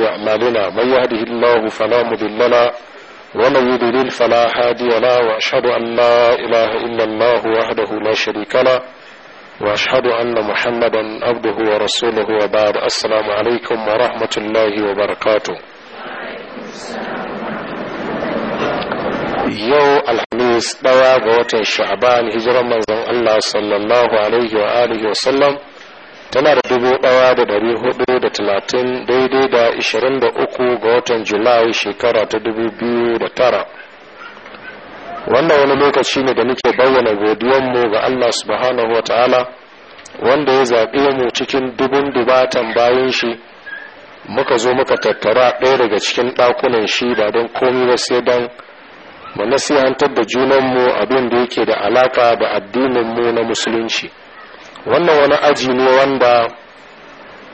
أعمالنا من يهده الله فلا مضل له ومن يضلل فلا هادي له وأشهد أن لا إله إلا الله وحده لا شريك له وأشهد أن محمدا عبده ورسوله وبعد السلام عليكم ورحمة الله وبركاته yau alhamis ɗaya ga watan sha'aban hijirar manzon Allah sallallahu alaihi wa alihi wa sallam tana da dubu ɗaya da dari hudu da talatin daidai da ishirin da uku ga watan julai shekara ta dubu biyu da tara wannan wani lokaci ne da muke bayyana mu ga allah subhanahu wa ta'ala wanda ya zaɓe mu cikin dubun dubatan bayan shi muka zo muka tattara ɗaya daga cikin ɗakunan shi ba don komi ba sai don mu nasihantar da junanmu abin da yake da alaka da addininmu na musulunci wannan wani aji ne wanda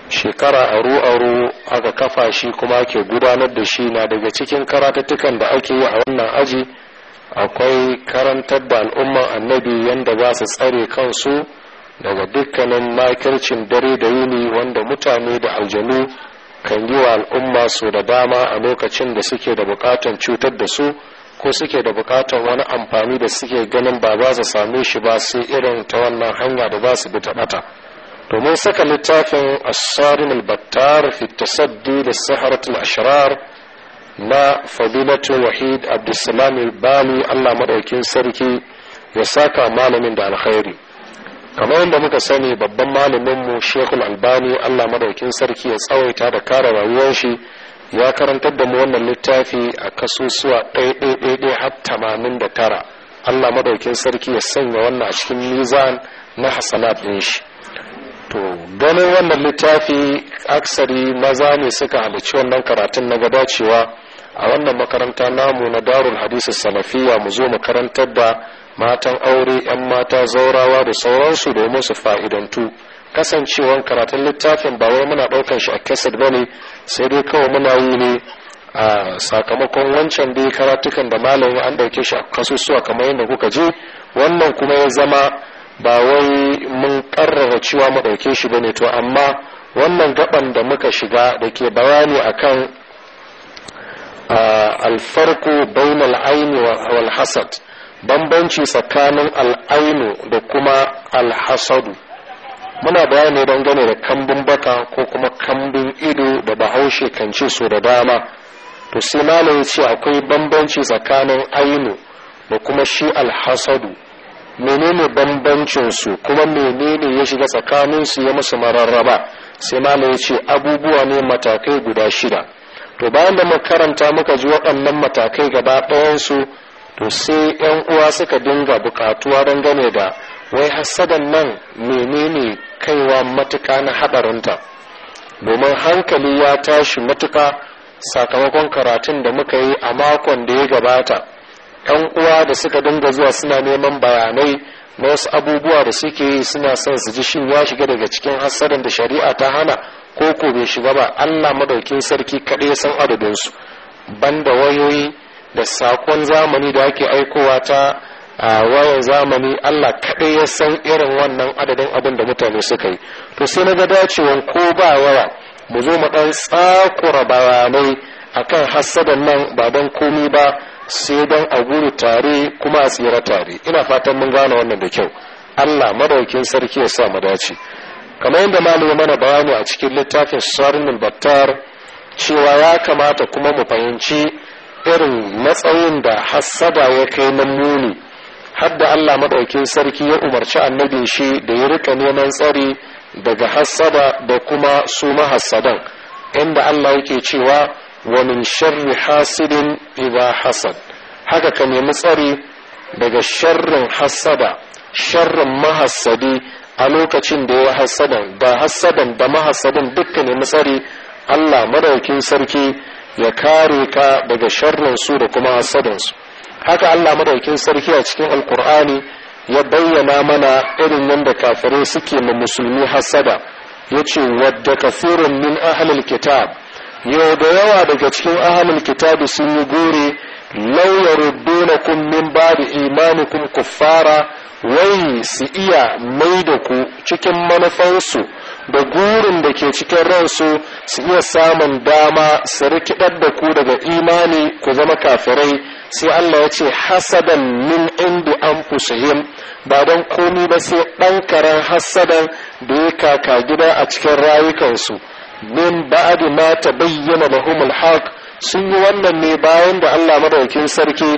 shekara aru-aru aka kafa shi kuma ke gudanar da shi na daga cikin karatattukan da ake yi a wannan aji akwai karantar da al'umman annabi yadda za su tsare kansu daga dukkanin makircin dare da yini wanda mutane da aljanu kan yi wa al'umma su da dama a lokacin da suke da bukatan cutar da su ko suke da bukatar wani amfani da suke ganin ba za su same shi ba sai irin ta wannan hanya da basu su bi ta bata domin saka littafin asarin albattar fitasaddi da saharatul ashrar na fadilatul wahid abdulsalam bali allah maɗaukin sarki ya saka malamin da alkhairi kamar yadda muka sani babban malaminmu shekul albani allah maɗaukin sarki ya tsawaita da kare rayuwar shi ya karantar da mu wannan littafi a kasusuwa ɗaiɗaiɗaiɗai har tamanin da tara allah maɗaukin sarki ya sanya wannan a cikin mizan na hasanat ɗin shi to ganin wannan littafi aksari maza ne suka halici wannan karatun na gada cewa a wannan makaranta namu na darul hadisi salafiya mu zo makarantar da matan aure 'yan mata zaurawa da sauransu domin su fa'idantu kasancewan karatun littafin ba wai muna ɗaukan shi a kasid ba ne sai dai kawai muna yi ne a sakamakon wancan dai karatukan da malamin an ɗauke shi a kasusuwa kamar yadda kuka je wannan kuma ya zama ba wai mun ƙarrara cewa mu ɗauke shi ba ne to amma wannan gaban da muka shiga da ke bayani akan alfarko bainal aini wal hasad bambanci tsakanin al'ainu da kuma alhasadu muna bayani dangane da kambun baka ko kuma kambun ido da bahaushe kan ce so da dama to sai malam ce akwai bambanci tsakanin ainu da kuma shi alhasadu menene bambancin su kuma menene ya shiga tsakanin su ya musu mararraba sai malam ya ce abubuwa ne matakai guda shida to bayan da makaranta muka ji waɗannan matakai gaba su to sai 'yan uwa suka dinga buƙatuwa dangane da wai hasadan nan menene kaiwa matuka na haɗarinta domin hankali ya tashi matuka sakamakon karatun da muka yi a makon da ya gabata ɗan uwa da suka dinga zuwa suna neman bayanai na wasu abubuwa da suke yi suna son su ji shin ya shiga daga cikin hasadan da shari'a ta hana ko ko bai shiga ba allah madaukin sarki kaɗai san adadinsu banda wayoyi da sakon zamani da ake aikowa ta a wayan zamani Allah kaɗai ya san irin wannan adadin abin da mutane suka yi to sai na ga dacewan ko ba yawa mu zo mu ɗan tsakura bayanai akan hassadan nan ba don komi ba sai don a guru tare kuma a tsira tare ina fatan mun gane wannan da kyau Allah madaukin sarki ya sa mu dace kamar yadda malamin mana bayani a cikin littafin sarnin battar cewa ya kamata kuma mu fahimci irin matsayin da hassada ya kai nan muni hadda Allah maɗaukin sarki ya umarci annabin shi da ya rika neman tsari daga hasada da kuma su mahassadan inda Allah yake cewa wa min sharri hasidin idha hasad haka ka nemi tsari daga sharrin hasada, sharrin mahassadi a lokacin da ya hassadan da hassadan da mahassadin dukka nemi tsari Allah maɗaukin sarki ya kare ka daga sharrin su da kuma su haka Allah madaukin sarki a cikin alkur'ani ya bayyana mana irin yadda kafirai suke ma musulmi hasada yace wadda kafirun min ahlul kitab yau da yawa daga cikin ahlul kitab sun yi gore law kun min ba'di imanikum kuffara wai su iya mai da ku cikin manufansu da gurin da ke cikin ransu su iya samun dama su rikidar da ku daga imani ku zama kafirai sai Allah ya ce hasadan min indi an fusuhim ba don komi ba sai ɗan karen hasadan da ya kaka gida a cikin rayukansu min ba'adi ma ta bayyana lahumul haq sun yi wannan ne bayan da Allah madaukin sarki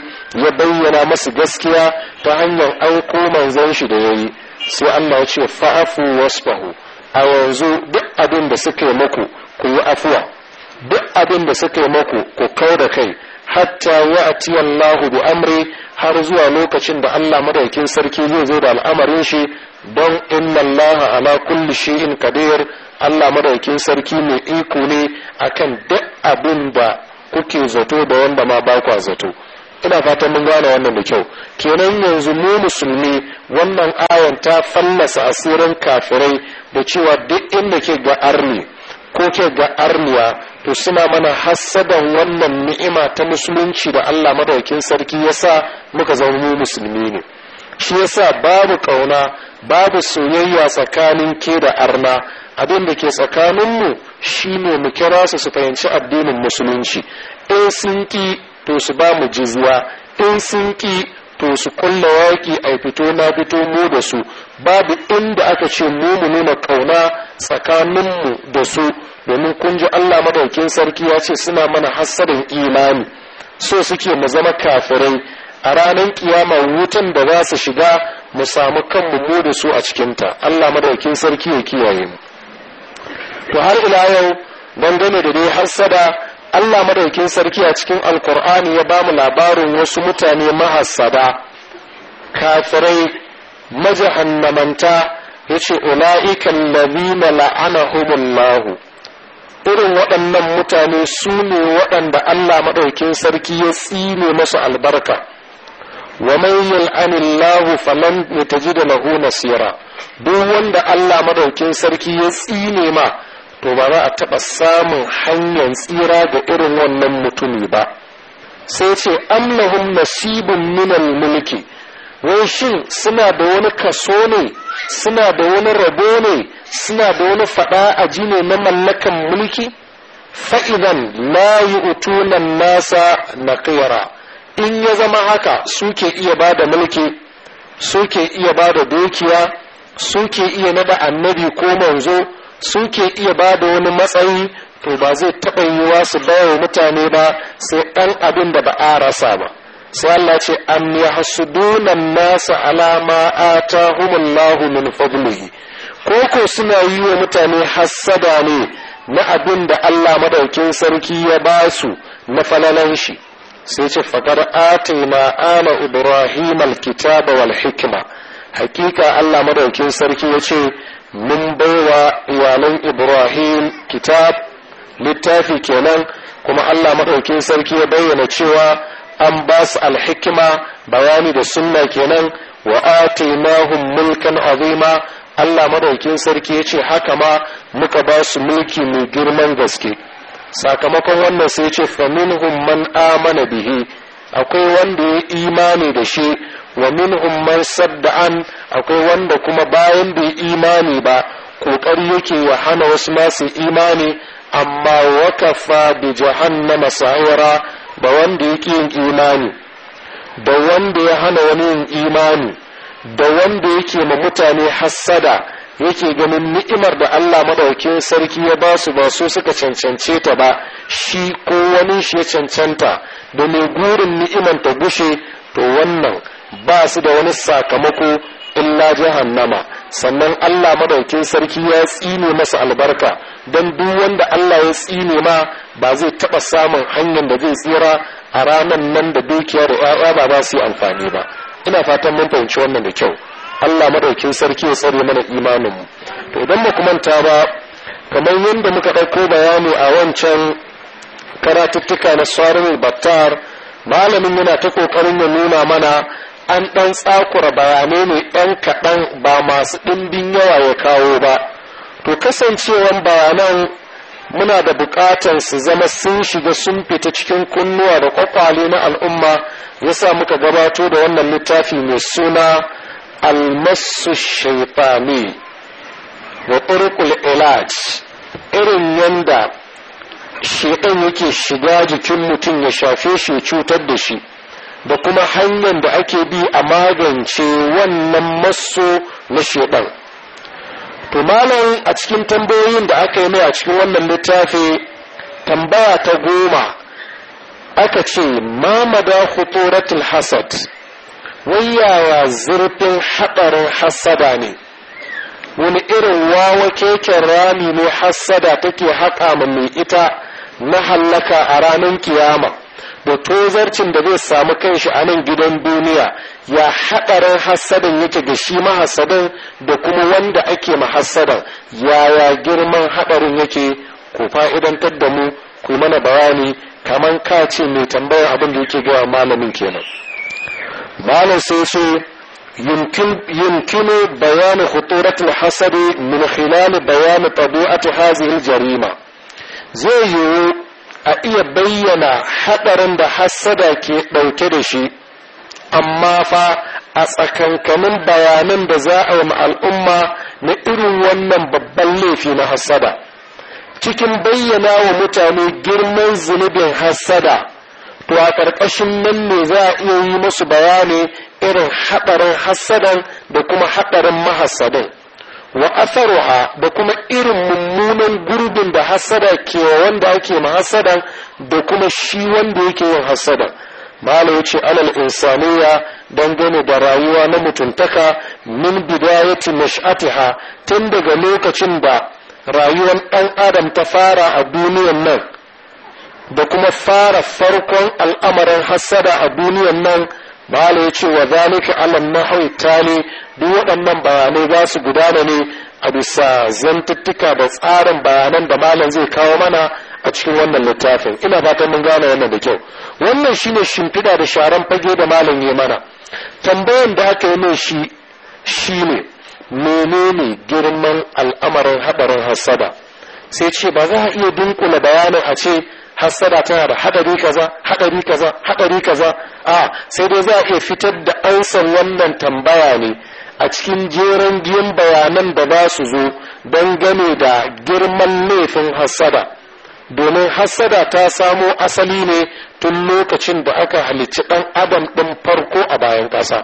ya bayyana masu gaskiya ta hanyar aiko manzon shi da yayi sai Allah ya ce fa'afu wasfahu a yanzu duk abin da suka yi muku ku yi afuwa duk abin da suka yi muku ku kau da kai hatta ya'ti Allahu bi amri har zuwa lokacin da Allah madaukin sarki zai zo da al'amarin shi don inna Allah ala kulli shi'in qadir Allah madaukin sarki mai iko ne akan duk abin da kuke zato da wanda ma ba kwa zato ina fatan mun gane wannan da kyau kenan yanzu mu musulmi wannan ayan ta fallasa asirin kafirai da cewa duk inda ke ga arni ko ke ga arniya to suna mana hassadan wannan ni'ima ta musulunci da Allah madaukin sarki yasa muka zama mu musulmi ne shi yasa babu kauna babu soyayya tsakanin ke da arna abin da ke tsakaninmu shine mu kira su su fahimci addinin musulunci in sun ki to su ba mu zuwa in sun ki to su kulla yaƙi a fito na fito mu da su babu inda aka ce mu mu nuna kauna tsakaninmu da su domin kun ji Allah madaukin sarki ya ce suna mana hassadin imani so suke mu zama kafirai a ranar kiyama wutan da za su shiga mu samu kanmu mu da su a cikinta Allah madaukin sarki ya kiyaye mu to har ila yau dangane da dai hassada Allah madaukin sarki a cikin alkur'ani ya ba mu labarin wasu mutane mahassada kafirai majahannamanta ya ce ula'ikan labina la'anahumullahu irin waɗannan mutane su ne waɗanda Allah maɗaukin sarki ya tsine masu albarka wa man ta ji da lahu nasira duk wanda Allah maɗaukin sarki ya tsine ma to ba za a taɓa samun hanyar tsira ga irin wannan mutumi ba sai ce annahum nasibun minal mulki wai shin suna da wani kaso ne suna da wani rabo ne suna da wani faɗa a ji na mallakan mulki fa'idan la yi utunan nasa na in ya zama haka suke iya ba da mulki suke iya ba da dukiya suke iya nada annabi ko manzo ke iya ba da wani matsayi to ba zai taɓa yiwa su bawa mutane ba sai ɗan abin da ba a rasa ba sai Allah ce am hasu dunan nasa alama a ta atahumullahu min fadlihi ko ko suna yi wa mutane hassada ne na abin da Allah madaukin sarki ya ba su na falalan shi sai ce faqad atina ma'ana ibrahim al-kitaba wal hikma hakika Allah madaukin sarki ya ce mun baiwa iyalan ibrahim kitab littafi kenan kuma allah maɗaukin sarki ya bayyana cewa an ba su alhikima bayani da sunna kenan wa atainahum mulkan azima allah maɗaukin sarki ya ce haka ma muka ba su mulki mai girman gaske sakamakon wannan sai ce faminhum man amana bihi akwai wanda ya imani da shi wa minhum man sadda akwai wanda kuma bayan bai imani ba kokari yake ya hana wasu masu imani amma wakafa bi jahannama sa'ira ba wanda yake yin imani da wanda ya hana wani yin imani da wanda yake ma mutane hassada yake ganin ni'imar da Allah madaukin sarki ya ba su ba su suka cancance ta ba shi ko wani shi ya cancanta da mai gurin ni'imar ta gushe to wannan ba su da wani sakamako illa jahannama sannan Allah madaukin sarki ya tsine masa albarka don duk wanda Allah ya tsine ma ba zai taɓa samun hanyar da zai tsira a ranar nan da dukiya da ‘ya'ya ba ba su yi amfani ba ina fatan mun fahimci wannan da kyau Allah madaukin sarki ya tsare mana imanin mu to idan mu manta ba kamar yadda muka ɗauko bayani a wancan karatuttuka na swarin battar malamin yana ta ƙoƙarin ya nuna mana an ɗan tsakura bayanai ne ɗan kaɗan ba masu ɗimbin yawa ya kawo ba to kasancewan bayanan muna da buƙatar su zama sun shiga sun fita cikin kunnuwa da kwakwale na al'umma ya sa muka gabato da wannan littafi mai suna almasu shaifani wa turkul ilaj irin yanda shaitan yake shiga jikin mutum ya shafe shi cutar da shi da kuma hanyar da ake bi a magance wannan maso na shaɗan to malam a cikin tambayoyin da aka yi mai a cikin wannan littafi tambaya ta goma aka ce mamada hutoratul hasad wayawa zurfin haɗarin hasada ne wani irin wawa keken rami ne hasada take haƙa mai ita na hallaka a ranar kiyama da tozarcin da zai samu kanshi a nan gidan duniya ya haɗarin hassadin yake ga shi mahassadin da kuma wanda ake mahassadan yaya girman haɗarin yake ku fa'idantar da mu ku mana bayani kamar ka ce mai tambayar abin da yake gawa malamin kenan malam sai so يمكن بيان hasadi الحسد من bayani بيان طبيعة jarima zai زي a iya bayyana haɗarin da hassada ke ɗauke da shi amma fa a tsakankanin bayanan da za a yi al'umma na irin wannan babban laifi na hassada cikin bayyana wa mutane girman zunubin hassada to a ƙarƙashin nan ne za a iya yi musu bayani irin haɗarin hassadan da kuma haɗarin mahassadin wa asaruha da kuma irin mummunan gurbin da hasada ke wanda ake ma hasadan da kuma shi wanda yake yin hasadan mala ya ce alal insaniya dangane da rayuwa na mutuntaka min bidayati mash'atiha tun daga lokacin da rayuwar ɗan adam ta fara a duniyan nan da kuma fara farkon al'amarin hasada a duniyan nan mala ya ce wa zalika alal nahawi tali duk waɗannan bayanai za su gudana ne a bisa zantuttuka da tsarin bayanan da malam zai kawo mana a cikin wannan littafin ina fatan mun gane wannan da kyau wannan shine shimfiɗa da sharan fage da malam ya mana tambayan da aka yi min shi shine menene girman al'amarin haɗarin hassada sai ce ba za a iya dunkula bayanin a ce hassada tana da haɗari kaza hadari kaza hadari kaza a sai dai za a iya fitar da ansan wannan tambaya ne a cikin jeren biyan bayanan da ba su zo don gane da girman laifin hassada domin hassada ta samo asali ne tun lokacin da aka halicci ɗan adam ɗin farko a bayan ƙasa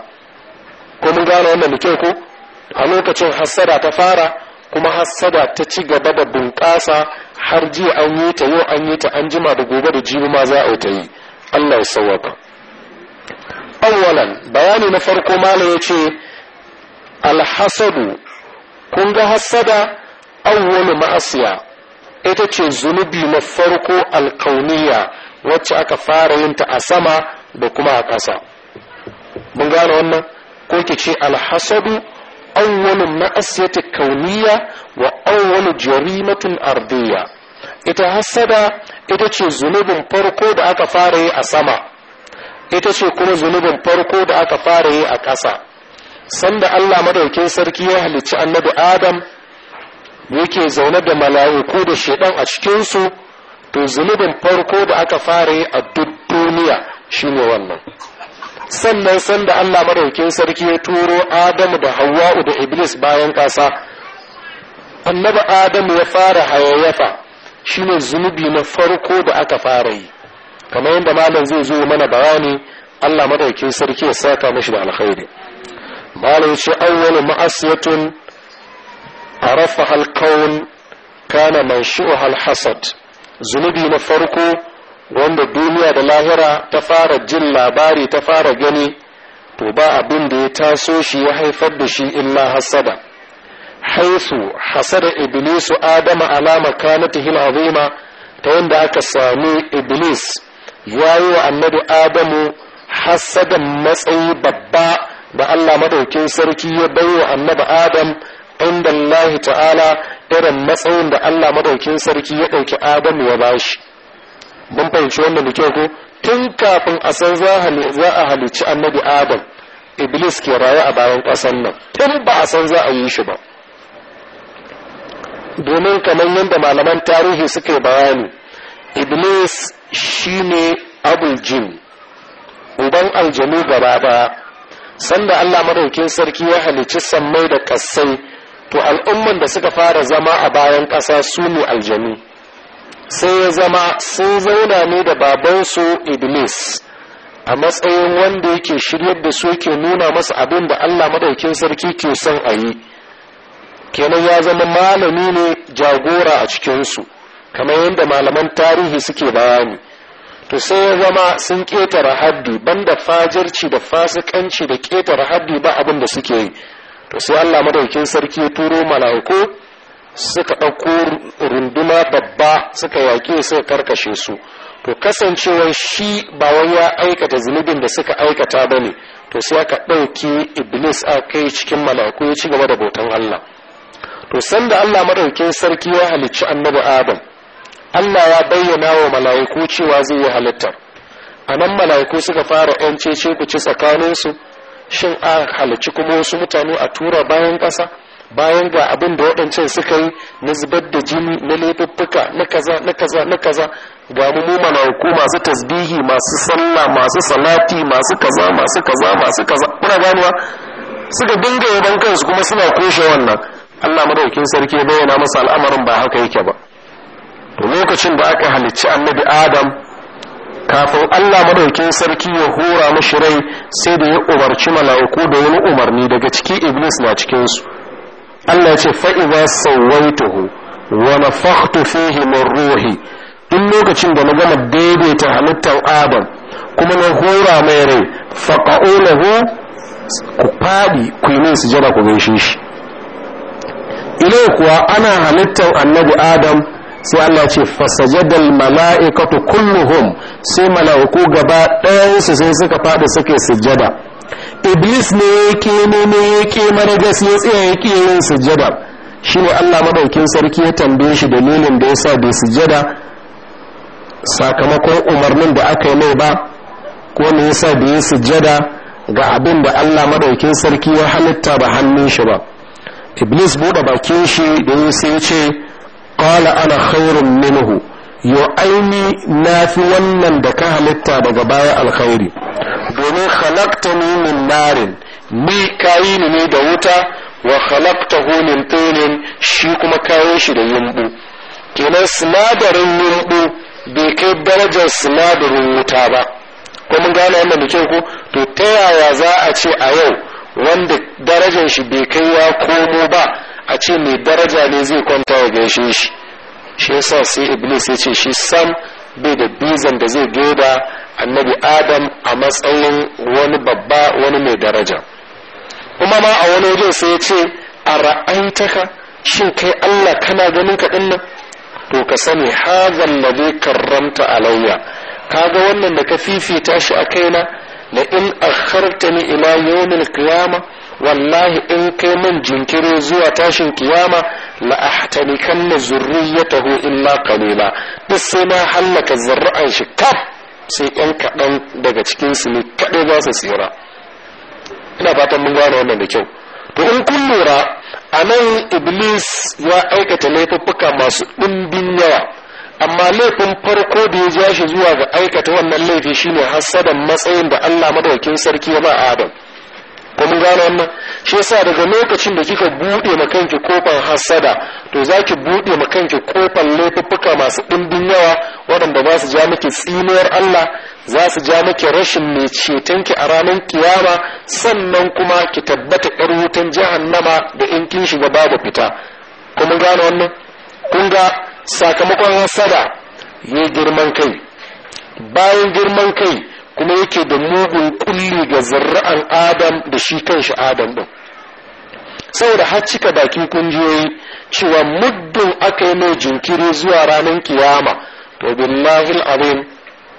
ko mun gane wannan da kyau ko a lokacin hassada ta fara kuma hassada ta ci gaba da bunƙasa har jiya an yi ta yau an yi ta an jima da gobe da jibi ma za a ta yi allah ya sauwaka awwalan bayani na farko malam ya ce alhasadu kun ga hasada awwalu ma'asiya ita ce zunubi na farko alkauniya wacce aka fara yin ta a sama da kuma a ƙasa mun gane wannan ko ki ce alhasadu awwalu ma'asiyati kauniya wa awwalu jarimatin ardiya ita hasada ita ce zunubin farko da aka fara yi a sama ita ce kuma zunubin farko da aka fara yi a ƙasa sanda Allah madaukin sarki ya halicci annabi Adam yake zaune da mala'iku da shedan a cikinsu to zunubin farko da aka fara yi a duk duniya shine wannan sannan sanda Allah madaukin sarki ya turo Adamu da Hawwa'u da Iblis bayan kasa annabi Adam ya fara hayayyafa shine zunubi na farko da aka fara yi kamar yadda malam zai zo mana bayani Allah madaukin sarki ya saka mashi da alkhairi bala ya ce awwalu ma'asiyatun arafa halkawun kana manshi'u hassad. zunubi na farko wanda duniya da lahira ta fara jin labari ta fara gani to ba abin da ya taso shi ya haifar da shi illa hasada haisu hasada iblisu adama alama kanatihil azima ta yadda aka sami iblis ya yi wa annabi adamu hasadan matsayi babba da Allah madaukin sarki ya baiwa annabi Adam inda Allah ta'ala irin matsayin da Allah madaukin sarki ya ɗauki Adam ya bashi mun fahimci wannan da ko tun kafin a san za a halicci annabi Adam Iblis ke raye a bayan ƙasan nan tun ba a san za a yi shi ba domin kamar yadda malaman tarihi suke bayani Iblis shine abul jin uban aljanu gaba daya sanda Allah madaukin sarki ya halicci sammai da kassai to al'umman da suka fara zama a bayan ƙasa su ne aljanu sai ya zama sun zauna ne da babansu iblis a matsayin wanda yake shiryar da su ke nuna masa abin da Allah madaukin sarki ke son a yi kenan ya zama malami ne jagora a cikinsu kamar yadda malaman tarihi suke bayani to sai ya zama sun ƙetare haddi banda fajirci da fasikanci da ƙetare haddi ba abin da suke yi to sai Allah madaukin sarki turo mala'iku suka ɗauko runduma babba suka yake suka karkashe su to kasancewa shi ba wai ya aikata zunubin da suka aikata ba ne to sai aka ɗauki iblis a kai cikin mala'iku ya ci gaba da bautan Allah to sanda Allah madaukin sarki ya halicci annabi Adam Allah ya bayyana wa mala'iku cewa zai yi halittar a nan mala'iku suka fara ‘yance ce ku ci tsakaninsu shin a halicci kuma wasu mutane a tura bayan ƙasa bayan ga abin da waɗancan suka yi na zubar da jini na laifuffuka na kaza na kaza na kaza ga mu mala'iku masu tasbihi masu sallah masu salati masu kaza masu kaza masu kaza kuna ganewa suka dinga yaban kansu kuma suna koshe wannan Allah madaukin sarki bayyana masa al'amarin ba haka yake ba to lokacin da aka halicci annabi adam kafin allah madaukin sarki ya hura mashi rai sai da ya umarci mala'iku da wani umarni daga ciki iblis na cikinsu allah ya ce fa'iza sauwaituhu wa nafakhtu fihi min ruhi duk lokacin da na gama daidaita halittar adam kuma na hura mai rai hu, ku faɗi, ku yi min sujada ku gaishe shi ilai kuwa ana halittar annabi adam sai Allah ce fasajadal mala'ikatu kulluhum sai mala'iku gaba ɗayansu sai suka faɗi suke sujada. iblis ne yake ne yake ya ya tsaya yake yin sujjada shine Allah maɗaukin sarki ya tambaye shi dalilin da yasa bai sujjada sakamakon umarnin da aka yi mai ba ko me yasa bai sujada ga abin da Allah maɗaukin sarki ya halitta ba hannun shi ba iblis buɗe bakin shi da sai ya ce qala ana khairun minhu yo aini na fi wannan da ka halitta daga baya alkhairi domin khalaqtani min narin ni kayi ni ne da wuta wa khalaqtahu min tinin shi kuma kayo shi da yumbu kenan sinadarin yumbu bai kai darajar sinadarin wuta ba ko mun gane wannan da to ta yaya za a ce a yau wanda darajar shi bai kai ya komo ba a ce mai daraja ne zai kwanta ya gaishe shi shi yasa sai iblis ya ce shi sam bai da bizan da zai goda annabi adam a matsayin wani babba wani mai daraja kuma ma a wani wajen sai ya ce a ra'aitaka shin kai allah kana ganin ka nan to ka sani hazan da zai karramta alayya ga wannan da ka fifita shi a kaina la in akhartani ila yawmil qiyamah wallahi in kai man jinkiri zuwa tashin kiyama la ahtanikanna zurriyatahu illa qalila duk sai na hallaka zurra'an shi kaf sai yan kaɗan daga cikin su ne kaɗai za su tsira ina fatan mun gane wannan da kyau to in kun lura a nan iblis ya aikata laifuffuka masu ɗumbin yawa amma laifin farko da ya ja shi zuwa ga aikata wannan laifi shine hasadan matsayin da Allah madaukin sarki ya ba Adam ko mun gane wannan shi yasa daga lokacin da kika bude ma kanki kofar hasada to zaki bude ma kanki kofar laifuffuka masu dimbin yawa waɗanda ba su ja miki tsiniyar Allah za su ja miki rashin mai ceton ki a ranar kiyama sannan kuma ki tabbata 'yar wutan jahannama da in kin shiga babu fita ko mun gane wannan kun ga sakamakon hasada ya girman kai bayan girman kai kuma yake da mugun kulli ga zarra'an adam da shi kanshi adam din saboda har cika bakin kungiyoyi cewa muddin aka yi mai jinkiri zuwa ranar kiyama to billahi al'azim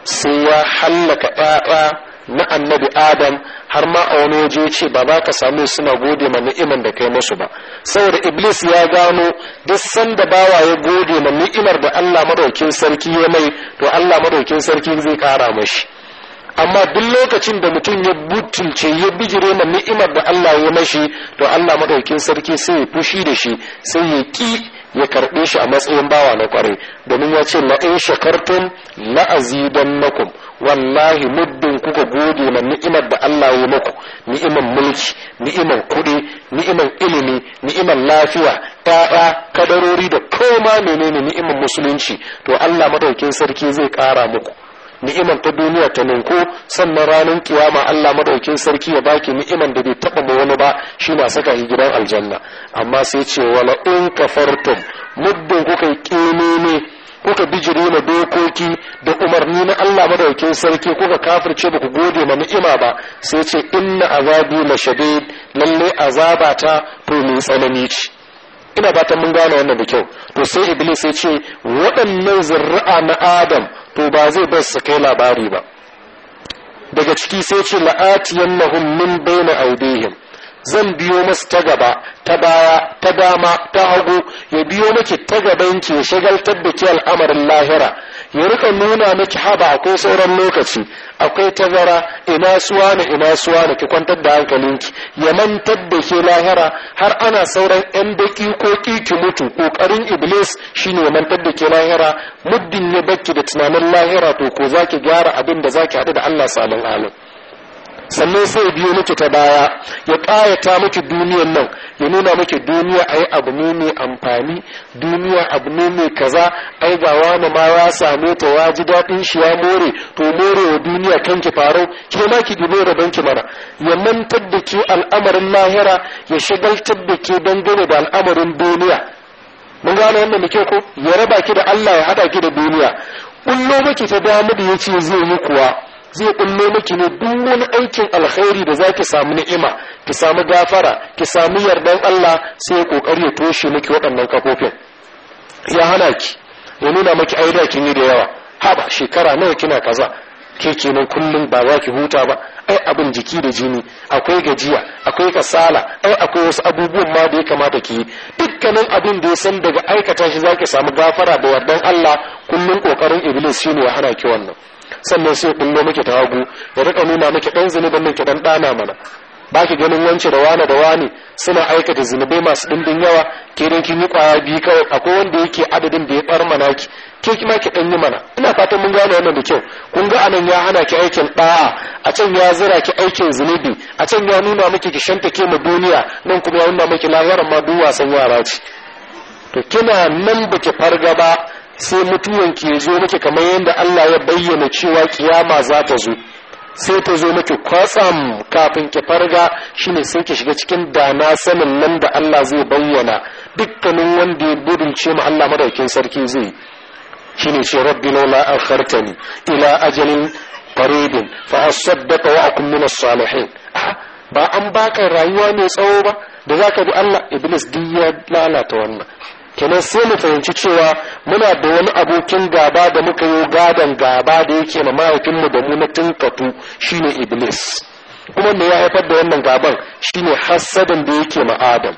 sai ya hallaka ɗaɗa na annabi adam har ma a wani waje ce ba za ka samu suna gode ma ni'imar da kai musu ba saboda iblis ya gano duk sanda bawa ya gode ma ni'imar da allah madaukin sarki ya mai to allah madaukin sarki zai kara mashi amma duk lokacin da mutum ya butulce ya bijire ma ni'imar da Allah ya mashi to Allah madaukin sarki sai ya fushi da shi sai ya ki ya karbe shi a matsayin bawa na kwarai domin ya ce la in shakartum la azidannakum wallahi muddin kuka gode ma ni'imar da Allah ya muku ni'imar mulki ni'imar kuɗi ni'imar ilimi ni'imar lafiya ta'a kadarori da koma menene ni'imar musulunci to Allah madaukin sarki zai ƙara muku ni'iman ta duniya ta ninku sannan ranar kiyama Allah madaukin sarki ya baki ni'iman da bai taba ma wani ba shi na saka shi gidan aljanna amma sai ce wala in kafartum muddin kuka yi ne kuka bijire na dokoki da umarni na Allah madaukin sarki kuka kafirce ba ku gode ma ni'ima ba sai ce inna azabi la shadid lalle azaba ta to mai tsanani ce ina ba ta mun gane wannan da kyau to sai iblis sai ce waɗannan zurra'a na adam to ba zai bar su kai labari ba daga ciki sai ce la'atiyan lahum min bayna audihim zan biyo masu ta gaba ta baya ta dama ta hagu ya biyo miki ta gaban ki shagaltar da ke al'amarin lahira ya rika nuna miki haba akwai sauran lokaci akwai tazara ina suwa ne ina suwa ne ki kwantar da hankalinki ya mantar da ke lahira har ana sauran yan ko ki mutu kokarin iblis shine ya mantar da ke lahira muddin ya bakki da tunanin lahira to ko zaki gyara abin da zaki haɗu da Allah salin halin sannan sai biyo miki ta baya ya ƙayata miki duniyan nan ya nuna miki duniya ai abu ne mai amfani duniya abu ne mai kaza ai ga wani ma ya same ta ya ji daɗin shi ya more to more wa duniya kanki ki farau ke ma ki dibo da banki mana ya mantar da ke al'amarin lahira ya shagaltar da ke dangane da al'amarin duniya mun gane wannan da ko ya raba ki da Allah ya hada ki da duniya kullo miki ta damu da yace zai yi kuwa zai kullo miki ne duk wani aikin alkhairi da za ki samu ni'ima ki samu gafara ki samu yardan Allah sai ya kokari ya toshe miki waɗannan kafofin ya hana ki ya nuna maki ai da kin yi da yawa haba shekara nawa kina kaza ke kenan kullum ba za ki huta ba ai abin jiki da jini akwai gajiya akwai kasala ai akwai wasu abubuwan ma da ya kamata ki yi dukkanin abin da ya san daga aikata shi za ki samu gafara da yardan Allah kullum kokarin iblis shine ya hana ki wannan sannan sai kullo muke ta hagu ya rika nuna muke dan zunubin nan ki dan dana mana ba ki ganin wance da wani da wani suna aikata zinubai masu dindin yawa ke dan kin yi kwaya biyu kawai akwai wanda yake adadin da ya bar mana ki ke ki ma ki dan yi mana ina fatan mun gane wannan da kyau kun ga anan ya hana ki aikin da'a a can ya zira ki aikin zinubi a can ya nuna miki ki shanta ke ma duniya nan kuma ya nuna miki lahirar ma duk wasan yara ce to kina nan baki farga ba sai mutuwan ke zo miki kamar yadda Allah ya bayyana cewa kiyama za ta zo sai ta zo miki kwatsam kafin ki farga shine sai ki shiga cikin dana sanin nan da Allah zai bayyana dukkanin wanda ya ce ma Allah madaukin sarki zai shine ce rabbi laula akhartani ila ajalin qaribin fa asaddaqa wa akun min salihin ba an baka rayuwa mai tsawo ba da zaka bi Allah iblis duk ya lalata wannan kenan sai mu fahimci cewa muna da wani abokin gaba da muka yi gadon gaba da yake ma mahaifinmu da mu na tunkatu shine iblis kuma me ya haifar da wannan gaban shine hassadin da yake ma adam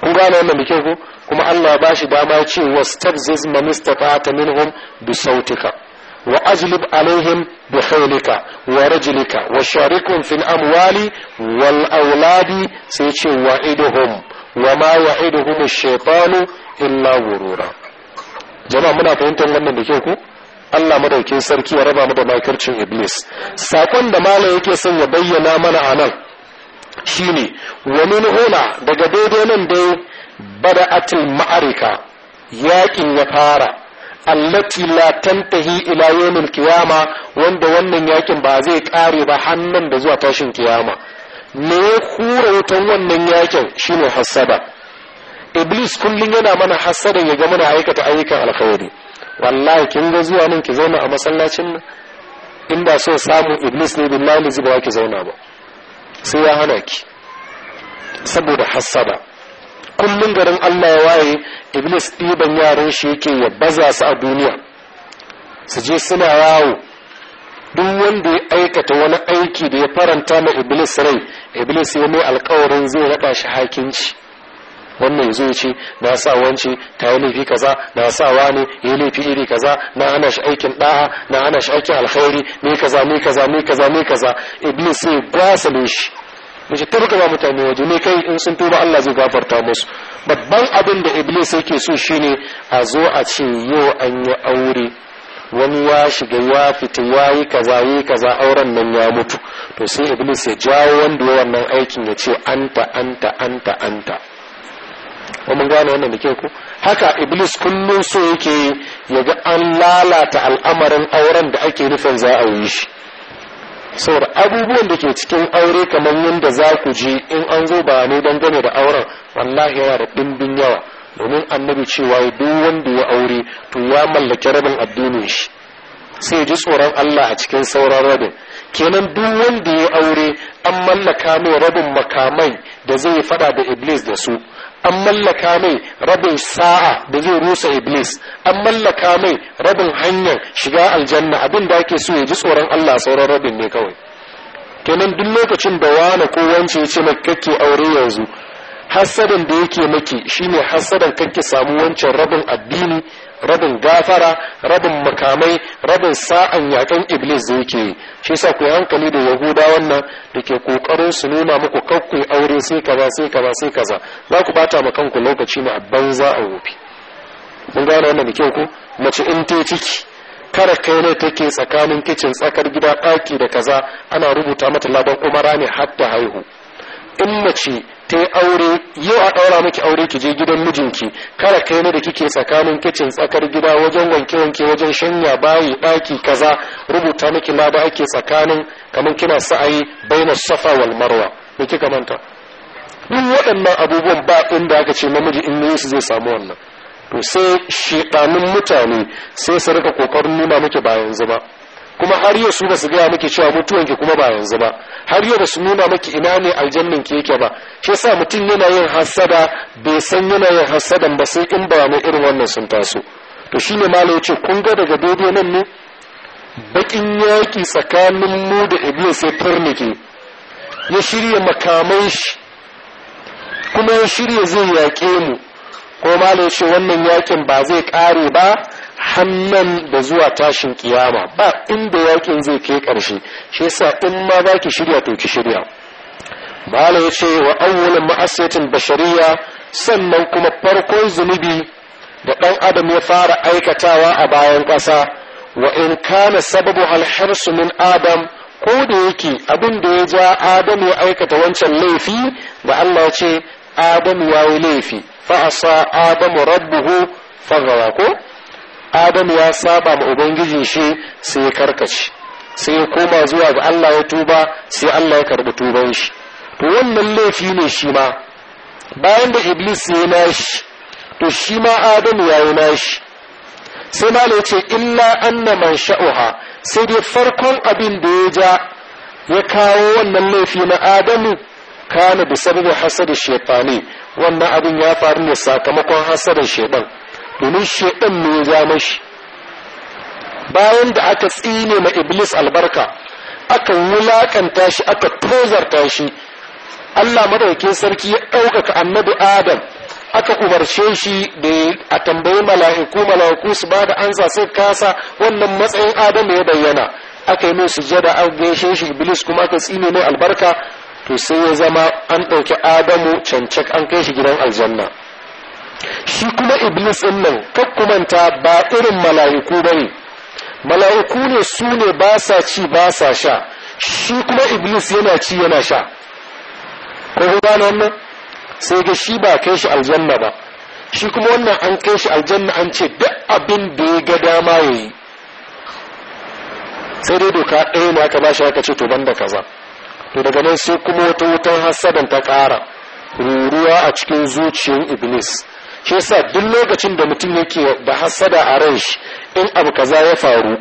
kun gane wannan bikin ku kuma Allah ya bashi dama ce wastabziz ma mistafata minhum bi sautika wa ajlib alaihim bi khaylika wa rajlika wa sharikum fil amwali wal auladi sai ce wa wa ma wa'iduhum ash-shaytanu illa gurura. jama'a muna fahimtar wannan da kyau ko Allah madaukin sarki ya raba mu da makarcin iblis sakon da malam yake son ya bayyana mana anan shine wa min daga daidai nan dai bada'atul ma'arika yakin ya fara allati la tantahi ila yawmil qiyama wanda wannan yakin ba zai kare ba hannan da zuwa tashin kiyama me ya hura wutan wannan yakin shine hasada iblis kullum yana mana hassada ya ga mana aikata ayyukan alkhairi wallahi kin ga zuwa nan ki zauna a masallacin nan inda so samu iblis ne billahi zuba ki zauna ba sai ya hana ki saboda hassada kullum garin Allah ya waye iblis ɗiban yaran shi yake ya baza su a duniya su je suna yawo duk wanda ya aikata wani aiki da ya faranta ma iblis rai iblis ya mai alkawarin zai raɗa shi hakinci wannan zai ce na sa wance ta yi laifi kaza na sa wani ya yi laifi iri kaza na ana shi aikin ɗaha na ana shi aikin alkhairi ne kaza ne kaza ne kaza ne kaza iblis sai ne shi mace ta rika ba mutane waje ne kai in sun tuba Allah zai gafarta musu babban abin da iblis yake so shine a zo a ce yau an yi aure wani ya shiga ya fita ya yi kaza yi kaza auren nan ya mutu to sai iblis ya jawo wanda wannan aikin ya ce anta anta anta anta ko mun gane wannan da ke ku haka iblis kullum so yake ya ga an lalata al'amarin auren da ake nufin za a yi shi saboda abubuwan da ke cikin aure kamar yadda za ku ji in an zo ba ne dangane da auren wallahi yana da ɗimbin yawa domin annabi cewa duk wanda ya aure to ya mallaki rabin addinin shi sai ji tsoron Allah a cikin sauran rabin kenan duk wanda ya aure an mallaka mai rabin makamai da zai fada da iblis da su an mallaka mai rabin sa'a da zai rusa iblis an mallaka mai rabin hanyar shiga aljanna abin da ake so ya ji tsoron Allah sauran rabin ne kawai kenan duk lokacin da wani ko wance ya ce kake aure yanzu hassadan da yake maki shine hassadan kanki samu wancan rabin addini rabin gafara rabin makamai rabin sa'an yakan iblis da yake shi sa ku hankali da yahuda wannan da ke kokarin su nuna muku kakkun aure sai kaza sai kaza sai kaza za ku bata ma kanku lokaci ne abban banza a wofi mun gane wannan da kyau ku mace in ta ciki kara kai ne take tsakanin kicin tsakar gida daki da kaza ana rubuta mata ladan umara ne har ta haihu in mace ta yi aure yau a ɗaura miki aure ki je gidan mijinki kada kai ne da kike tsakanin kicin tsakar gida wajen wanke wanke wajen shanya bayi ɗaki kaza rubuta miki lada ake tsakanin kamar kina sa'ayi baina safa wal marwa me kika manta duk waɗannan abubuwan ba inda aka ce namiji in ne su zai samu wannan to sai shekanun mutane sai su rika kokarin nuna miki bayan zuba kuma har yau su ba su gaya miki cewa mutuwanki kuma ba yanzu ba har yau ba su nuna miki ina ne aljannin ki yake ba shi yasa mutum yana yin hasada bai san yana yin hasadan ba sai in ba mai irin wannan sun taso to shine malam yace kun ga daga dodo nan ne bakin yaki tsakanin mu da iblis sai turnike ya shirya makamai shi kuma ya shirya zai yaƙe mu ko malam yace wannan yakin ba zai ƙare ba hannan da zuwa tashin kiyama ba inda yakin zai kai karshe shi yasa in ma za ki shirya to ki shirya bala ya ce wa awwalan ma'asiyatin bashariya sannan kuma farkon zunubi da dan adam ya fara aikatawa a bayan kasa wa in kana sababu alharsu min adam ko da yake abin da ya ja adam ya aikata wancan laifi da Allah ya ce adam ya yi laifi fa asa adam rabbuhu fagawa ko adamu ya saba ma ubangijin shi sai ya karkace sai ya koma zuwa ga Allah ya tuba sai Allah ya karbi tuban shi to wannan laifi ne shi ma bayan da iblis ya nashi to shi ma adamu ya yi nashi sai ma ya ce illa anna man sha'uha sai dai farkon abin da ya ja ya kawo wannan laifi na adamu kana da sabbin hasad shaytani wannan abin ya faru ne sakamakon hasadin shaytan domin shaidan ne ya ja mashi bayan da aka tsine ma iblis albarka aka wulakanta shi aka tozarta shi Allah madaukakin sarki ya ɗaukaka annabi Adam aka umarce shi da a tambayi mala'iku mala'iku su ba da ansa sai kasa wannan matsayin Adam ya bayyana aka yi mai sujada an gaishe shi Iblis kuma aka tsine mai albarka to sai ya zama an ɗauki Adamu cancak an kai shi gidan aljanna shi kuma iblis ɗin nan kakkumanta ba irin mala'iku ba ne mala'iku ne su ne ba sa ci ba sa sha shi kuma iblis yana ci yana sha ko gaba wannan sai ga shi ba kai shi aljanna ba shi kuma wannan an kai shi aljanna an ce duk abin da ya ga dama ya yi sai dai doka ɗaya ne aka ba shi aka ce to banda kaza to daga nan sai kuma wata wutan hasadan ta ƙara ruruwa a cikin zuciyar iblis shi yasa duk lokacin da mutum yake da hasada a ran shi in abu kaza ya faru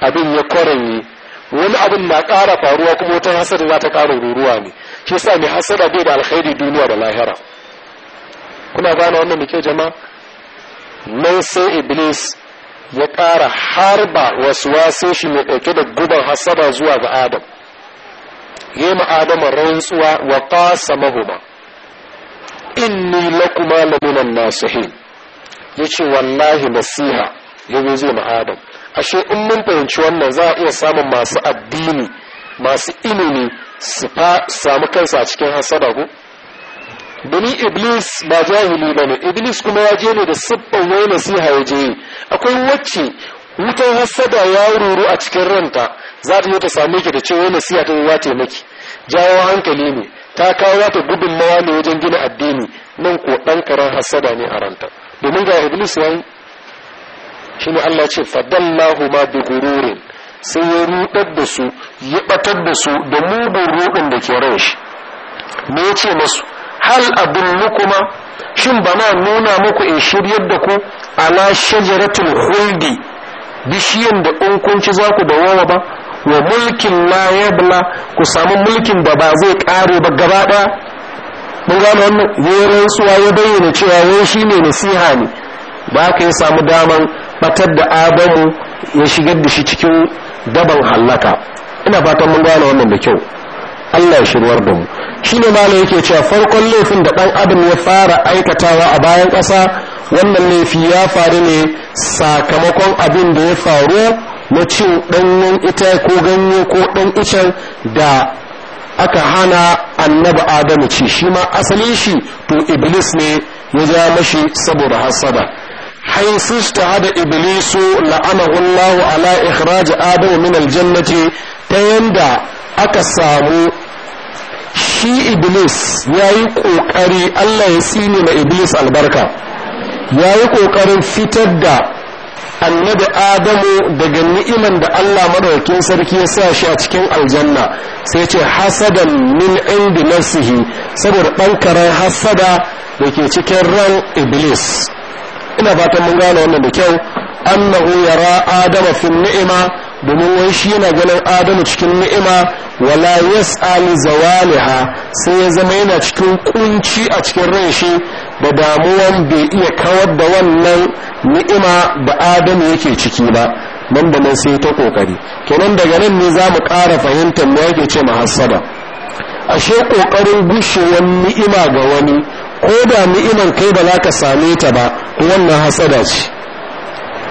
abin ya kwaranye wani abin na kara faruwa kuma wata hasada za ta kara ruruwa ne shi yasa mai hasada bai da alkhairi duniya da lahira kuna gane wannan da ke jama'a nan sai iblis ya ƙara harba wasu wasu shi mai ɗauke da guban hasada zuwa ga adam yi ma adama rantsuwa wa ƙasa mahuma inni lakuma laminan nasihin yace wallahi nasiha yazo zai ma adam ashe in mun fahimci wannan za a iya samun masu addini masu ilimi su fa samu kansa a cikin hasada ko Bani iblis ba jahili ba ne iblis kuma ya je ne da siffan wai nasiha ya je akwai wacce wutan hasada ya ruru a cikin ranta za ta yi ta same ki da ce nasiha ta ya taimaki jawo hankali ne ta kawo wata gudunmawa ne wajen gina addini nan ko ɗan karen hasada ne a ranta domin ga iblis shi shine Allah ce fadallahu ma bi gururin sai ya rudar da su ya batar da su da mugun rudin da ke ran shi me yace masu hal abin lukuma shin ba na nuna muku in shiryar da ku ala shajaratul huldi bishiyan da in kun ci za ku dawowa ba wa mulkin la yabla ku samu mulkin da ba zai kare ba gaba daya mun gano wannan yeran suwa ya bayyana cewa wai shi ne nasiha ne ba ka ya samu daman batar da adamu ya shigar da shi cikin daban hallaka ina fatan mun gano wannan da kyau Allah ya shirwar da mu shi ne malam yake cewa farkon laifin da dan adam ya fara aikatawa a bayan ƙasa wannan laifi ya faru ne sakamakon abin da ya faru na cin ɗanyen ita ko ganye ko ɗan icen da aka hana annabi adamu ci shi ma asalin shi to iblis ne ya ja mashi saboda hasada حيث iblisu إبليس ala ikhraj adam min آدم ta yanda aka samu shi iblis ya yi ƙoƙari allah ya sine ma iblis albarka ya yi ƙoƙarin fitar da annabi adamu daga ni'iman da allah madaukin sarki ya sa shi a cikin aljanna sai ce hasadan min indi nafsihi saboda ɗankarar hasada da ke cikin ran iblis ina fatan mun gane wannan da kyau annahu yara adama fi ni'ima domin wai shi yana ganin adamu cikin ni'ima wala yas'alu zawaliha sai ya zama yana cikin kunci a cikin ran shi da damuwan bai iya kawar da wannan ni'ima da adamu yake ciki ba nan da nan sai ta kokari kenan daga nan ne za mu ƙara fahimtar mu yake ce hasada? ashe ƙoƙarin gushewar ni'ima ga wani ko da ni'iman kai ba za ka same ta ba wannan hasada ce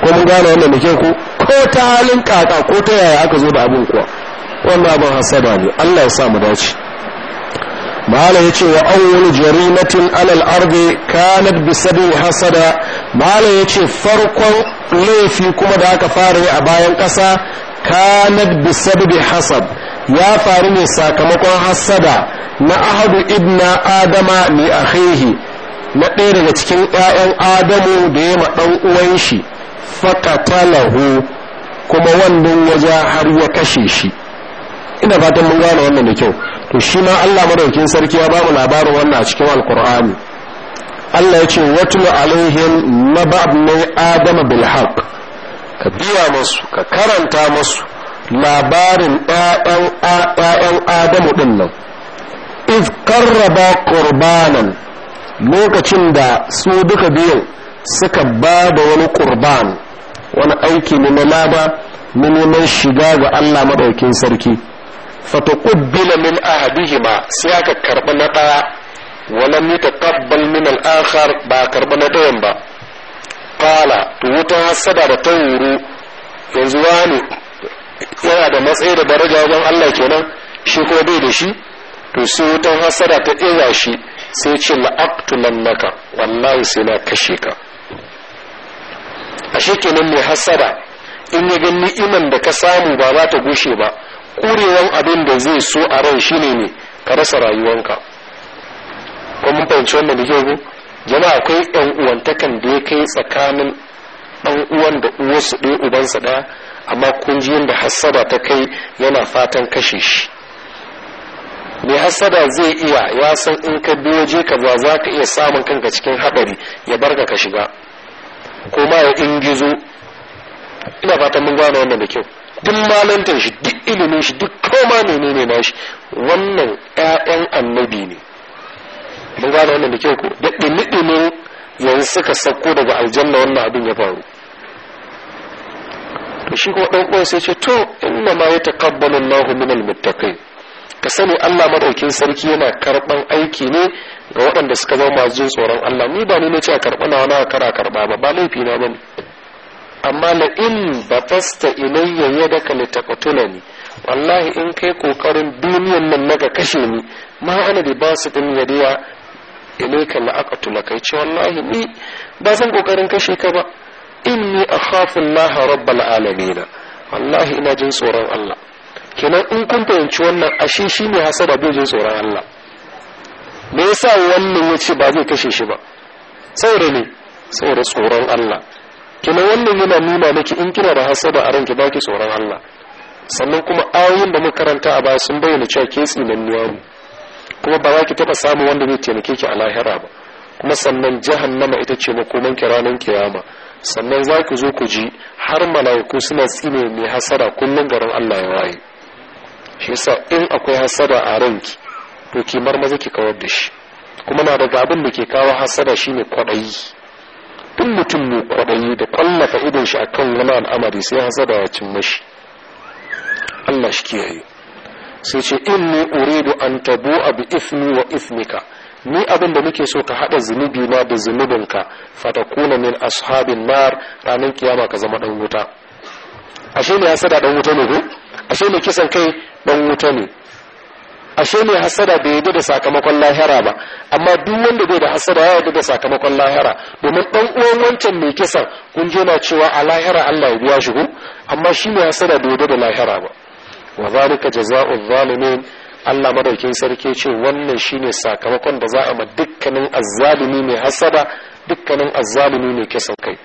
ko mun gane wannan da ku ko ta halin kaka ko ta yaya aka zo da abin kuwa wannan abin hasada ne Allah ya sa mu dace mala ya ce wa awwal jarimatin alal ardi kanat bi sabi hasada mala ya ce farkon laifi kuma da aka fara yi a bayan ƙasa kanat bi sabi hasad ya faru ne sakamakon hasada na ahadu ibna adama li akhihi na ɗaya daga cikin ƴaƴan adamu da ya ma ɗan uwan shi faqatalahu kuma wannan waje har ya kashe shi ina fatan mun gane wannan da kyau to shi ma Allah madaukin sarki ya bamu labarin wannan a cikin alkur'ani Allah ya ce watulu alaihim naba'abnai adama bil ka biya masu ka karanta masu labarin ɗayan adamu ɗin nan iz qarraba qurbanan lokacin da su duka biyan suka ba da wani qurban wani aiki ne na laba na neman shiga ga Allah madaukin sarki fatakubbila min ahadihima sai aka karɓi na ɗaya walam yutaqabbal min al-akhar ba karɓi na ɗayan ba qala to wutan hasada da ta yanzu wani yana da matsayi da daraja wajen Allah kenan shi ko bai da shi to sai wutan hasada ta ɗaya shi sai ce la'aqtulan naka wallahi sai na kashe ka ashe kenan mai hasada in ya ga ni'iman da ka samu ba za ta gushe ba kurewan abin da zai so a ran shi ne ne ka rasa rayuwanka kuma mun fahimci wannan da kyau jama'a akwai yan uwantakan da ya kai tsakanin ɗan uwan da uwarsu ɗaya ubansa ɗaya amma kunji da yadda hassada ta kai yana fatan kashe shi mai hasada zai iya ya san in ka biyo je ka za za ka iya samun kanka cikin haɗari ya barka ka shiga ko ma ya ingizo ina fatan mun gane wannan da kyau duk malantar shi duk ilimin shi duk koma menene na shi wannan ƴaƴan annabi ne mun gane wannan da kyau ko da ne yanzu suka sauko daga aljanna wannan abin ya faru to shi kuma ɗan uwan sai ce to inna ma ya taqabbalu Allahu al muttaqin ka sani Allah madaukin sarki yana karban aiki ne ga waɗanda suka zama masu jin tsoron Allah ni ba ni ne ce a karɓa na wani kara karɓa ba ba laifi na bane amma la in ya ilayya yadaka ni wallahi in kai kokarin duniyan nan naga kashe ni ma ana ba basu din yadiya ilayka la aqtula kai ce wallahi ni ba san kokarin kashe ka ba inni akhafu allaha rabbal alamin wallahi ina jin tsoron Allah kenan in kun fahimci wannan ashe shine hasada bai jin tsoron Allah me yasa wannan yace ba zai kashe shi ba saboda ne saboda tsoron Allah kina wannan yana nuna miki in kina da hasada a ranki baki tsoron Allah sannan kuma ayoyin da muka karanta a baya sun bayyana cewa ke tsinanniya ne kuma ba za ki taɓa samu wanda zai taimake ki a lahira ba kuma sannan jahannama ita ce makoman ki ranar kiyama sannan za ku zo ku ji har mala'iku suna tsine mai hasada kullum garin Allah ya waye shi yasa in akwai hasada a ranki to ki marmaza ki kawar da shi kuma na daga abin da ke kawo hasada shine kwaɗayi duk mutum mai kwaɗayi da ƙwallafa idon shi a kan wani al'amari sai hasada ya cin mashi Allah shi kiyaye sai ce inni uridu an tabu bi ifni wa ifnika ni abin da muke so ka haɗa zunubi na da zunubinka kuna min ashabin nar ranar kiyama ka zama dan wuta ashe ne ya sada dan wuta ne ashe ne kisan kai dan wuta ne ashe ne hasada bai yarda da sakamakon lahira ba amma duk wanda bai da hasada ya yarda da sakamakon lahira domin dan uwan wancan mai kisan kun je na cewa a lahira Allah ya biya shi ko amma shi ne hasada bai yadda da lahira ba wa zalika jazaa'u zalimin Allah madaukin sarki ce wannan shine sakamakon da za a ma dukkanin azzalimi mai hasada dukkanin azzalimi mai kisan kai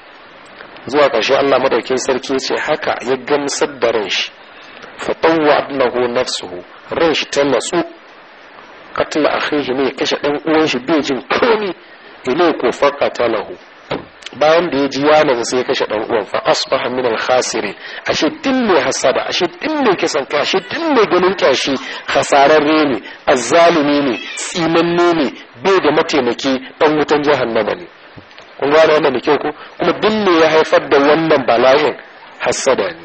zuwa kashe Allah madaukin sarki ce haka ya gamsar da ran shi fatawwa lahu nafsuhu ran shi ta matsu kai shi ne ya kashe dan uwan shi bai jin komi ile ko ta lahu bayan da ya ji yana nazo sai ya kashe ɗan uwan fa asbaha min al khasirin ashe din mai hasada ashe din mai kisan ka ashe din mai ganin kyashi khasararre ne azzalimi ne tsimanne ne bai da mataimaki ɗan wutan jihar ne kun gane wannan da kyau ko kuma din ya haifar da wannan bala'in hasada ne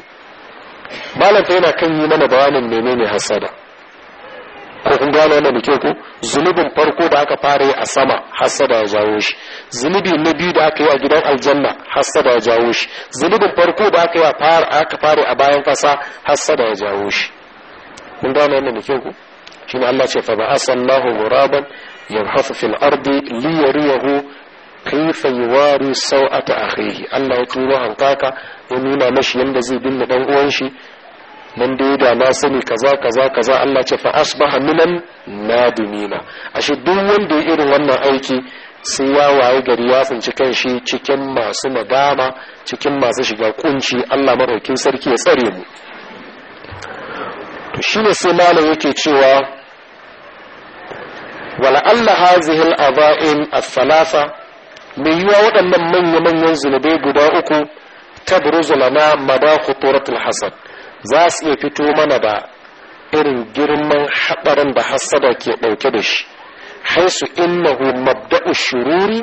malam yana kan yi mana bayanin menene hasada ko kun gano wannan da kyau zunubin farko da aka fara yi a sama hasada ya jawo shi zunubi na biyu da aka yi a gidan aljanna hasada ya jawo shi zunubin farko da aka yi aka fara a bayan kasa hasada ya jawo shi kun gano wannan da kyau ko shi ne Allah ce fa ba'asa Allahu ghuraban yabhasu fil ardi li yariyahu kaifa yuwari sau'ata akhihi Allah ya turo hankaka ya nuna mashi yanda zai binne dan uwan shi mun dai na sani kaza kaza kaza Allah ce fa asbaha minan nadimina ashe duk wanda ya irin wannan aiki sai ya waye gari ya tsinci kanshi cikin masu nadama cikin masu shiga kunci Allah madaukin sarki ya tsare mu to shine sai malam yake cewa wala Allah hazihi al-adha'im al-thalatha mai yiwa waɗannan manya-manyan zunubai guda uku tabruzu lana mada khuturatul hasad za su iya fito mana da irin girman haɗarin da hassada ke ɗauke da shi haisu innahu mabda'u shururi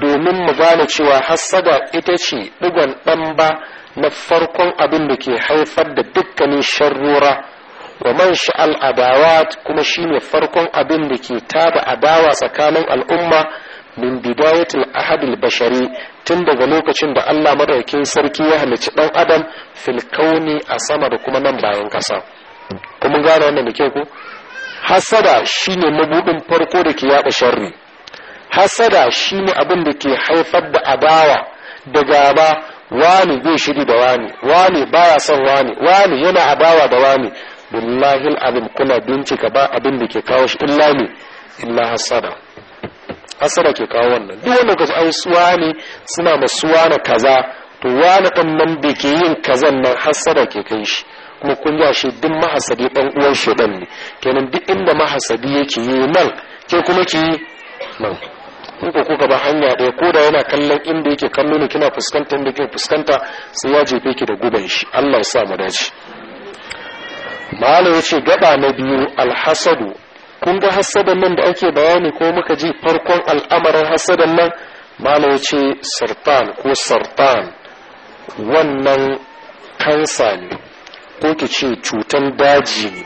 domin mu gane cewa hassada ita ce ɗigon ɗan ba na farkon abin da ke haifar da dukkanin sharrora wa man sha'al adawat kuma shine farkon abin da ke taba adawa tsakanin al'umma min bidayatil ahadil bashari tun daga lokacin da Allah madaukakin sarki ya halicci dan adam fil kauni a sama da kuma nan bayan kasa kuma gane wannan da ke ku hasada shine mabudin farko da ke yaba sharri hasada shine abin da ke haifar da adawa da gaba wani zai shiri da wani wani baya son wani wani yana adawa da wani billahi al'azim kuna bincika ba abin da ke kawo shi illa ne illa hasada hasara ke kawo wannan duk wanda kasu ai suwa ne suna ma na kaza to wani ɗan nan da ke yin kazan nan hasara ke kai shi kuma kun ga shi duk mahasadi ɗan uwan shi ɗan ne kenan duk inda mahasadi yake yi nan ke kuma ke yi nan in ko kuka ba hanya ɗaya ko da yana kallon inda yake kallo ne kina fuskanta inda kike fuskanta sai ya jefe ki da guban shi Allah ya sa mu dace malam yace gaba na biyu alhasadu kun ga hasadan nan da ake bayani ko muka ji farkon al'amarin hasadan nan malam ya ce sartan ko sartan wannan kansa ne ko ki ce cutan daji ne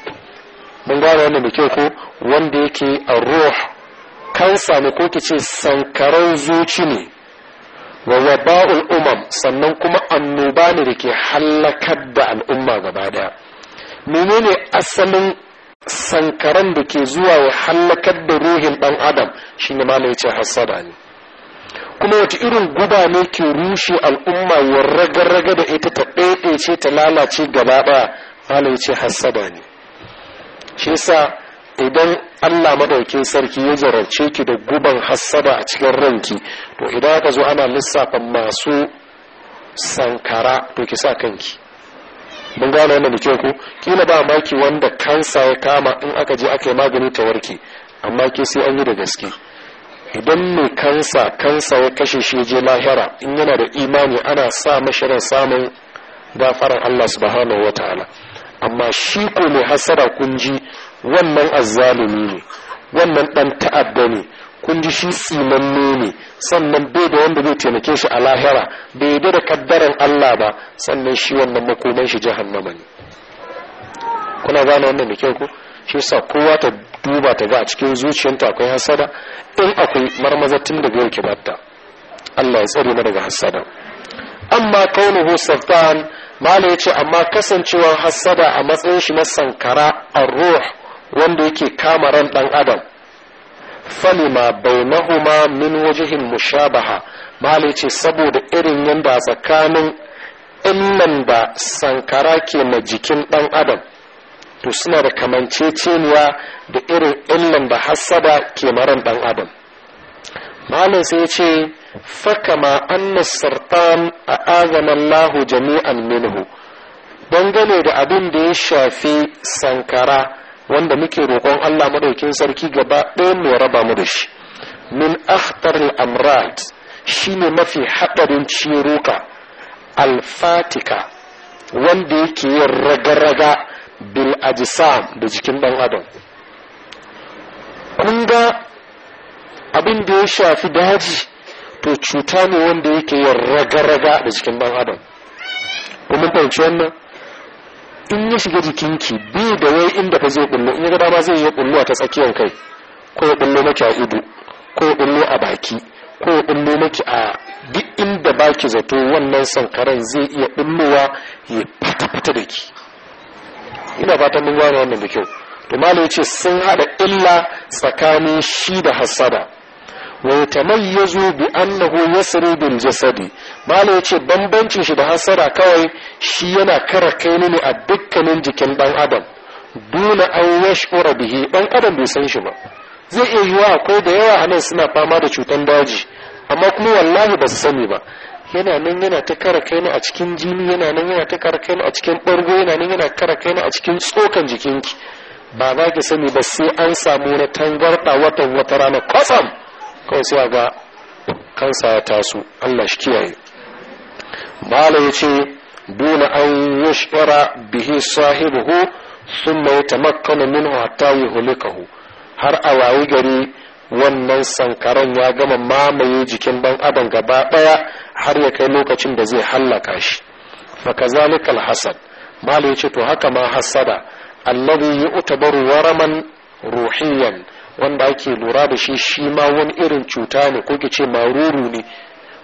mun gane wannan da kyau ko wanda yake a ruh kansa ne ko ki ce sankaran zuci ne wa waba'ul umam sannan kuma annoba ne da ke hallakar da al'umma gaba daya menene asalin sankaran da ke zuwa ya hallakar da ruhin ɗan adam shine ma ya ce hassada ne kuma wata irin guba ne ke rushe al'umma wa raga-raga da ita ta ɗaiɗaice ta lalace gaba ɗaya ya ce hassada ne shi sa idan Allah madaukin sarki ya jarabce ki da guban hassada a cikin ranki to idan aka zo ana lissafa masu sankara to ki sa kanki mun gane wannan da kyau ko kila ba maki wanda kansa ya kama in aka je aka yi magani ta warke amma ke sai an yi da gaske idan mai kansa kansa ya kashe shi je lahira in yana da imani ana sa mashirin samun gafaran Allah subhanahu wataala amma shi ko mai hasara kun ji wannan azzalumi ne wannan dan ta'adda ne kun ji shi simanne ne sannan bai da wanda zai taimake shi a lahira bai da kaddaran Allah ba sannan shi wannan makoman shi jahannama ne kuna gane wannan da kyau ko shi sa kowa ta duba ta ga a cikin zuciyarta akwai hasada in akwai marmaza marmazatin da ke kibarta Allah ya tsare mu daga hasada amma kaunuhu sultan mala yace amma kasancewar hasada a matsayin shi na sankara a ruh wanda yake kamaran ran dan adam falima bainahuma min wajihin mushabaha mali ce saboda irin yanda tsakanin illan da sankara ke na jikin ɗan adam to suna da kamanceceniya da irin illan da hassada ke maran ɗan adam malin sai ce fakama annas sartan a azamallahu jami'an minhu dangane da abin da ya shafi sankara wanda muke roƙon Allah madaukin sarki gaba ɗaya mu raba mu da shi min akhtar al shine mafi haɗarin ciruka al-fatika wanda yake yin raga-raga bil ajsam da jikin ɗan adam kun ga abin da ya shafi daji to cuta ne wanda yake yin raga-raga da jikin ɗan adam kuma fahimci wannan in ya shiga jikinki bi da wai inda ka zai bullo in ya gada ma zai yi bullo ta tsakiyar kai ko ya bullo maki a ido ko ya bullo a baki ko ya bullo maki a duk inda baki zato wannan sankaran zai iya bullowa ya fata fata da ki ina fatan mun gane wannan da kyau to malai ce sun hada illa tsakanin shi da hasada wa tamayyazu bi annahu yasri bil jasadi malai yace bambancin shi da hasara kawai shi yana kara kai ne a dukkanin jikin dan adam duna an yashura bihi dan adam bai san shi ba zai iya yiwa akwai da yawa anan suna fama da cutar daji amma kuma wallahi ba su sani ba yana nan yana ta kara kaina a cikin jini yana nan yana ta kara kaina a cikin ɓargo yana nan yana kara kaina a cikin tsokan jikinki ba za ki sani ba sai an samu na tangarɗa watan wata rana kwatsam kawai sai ga kansa ya taso Allah shi kiyaye bala ya ce duna an yushira bihi sahibuhu thumma yatamakkanu min hatta yuhlikahu har a wayi gari wannan sankaran ya gama mamaye jikin ban adam gaba daya har ya kai lokacin da zai hallaka shi fakazalikal hasad bala ya ce to haka ma hasada alladhi yu'tabaru waraman ruhiyan wanda ake lura da shi shi ma wani irin cuta ne ko ke ce maruru ne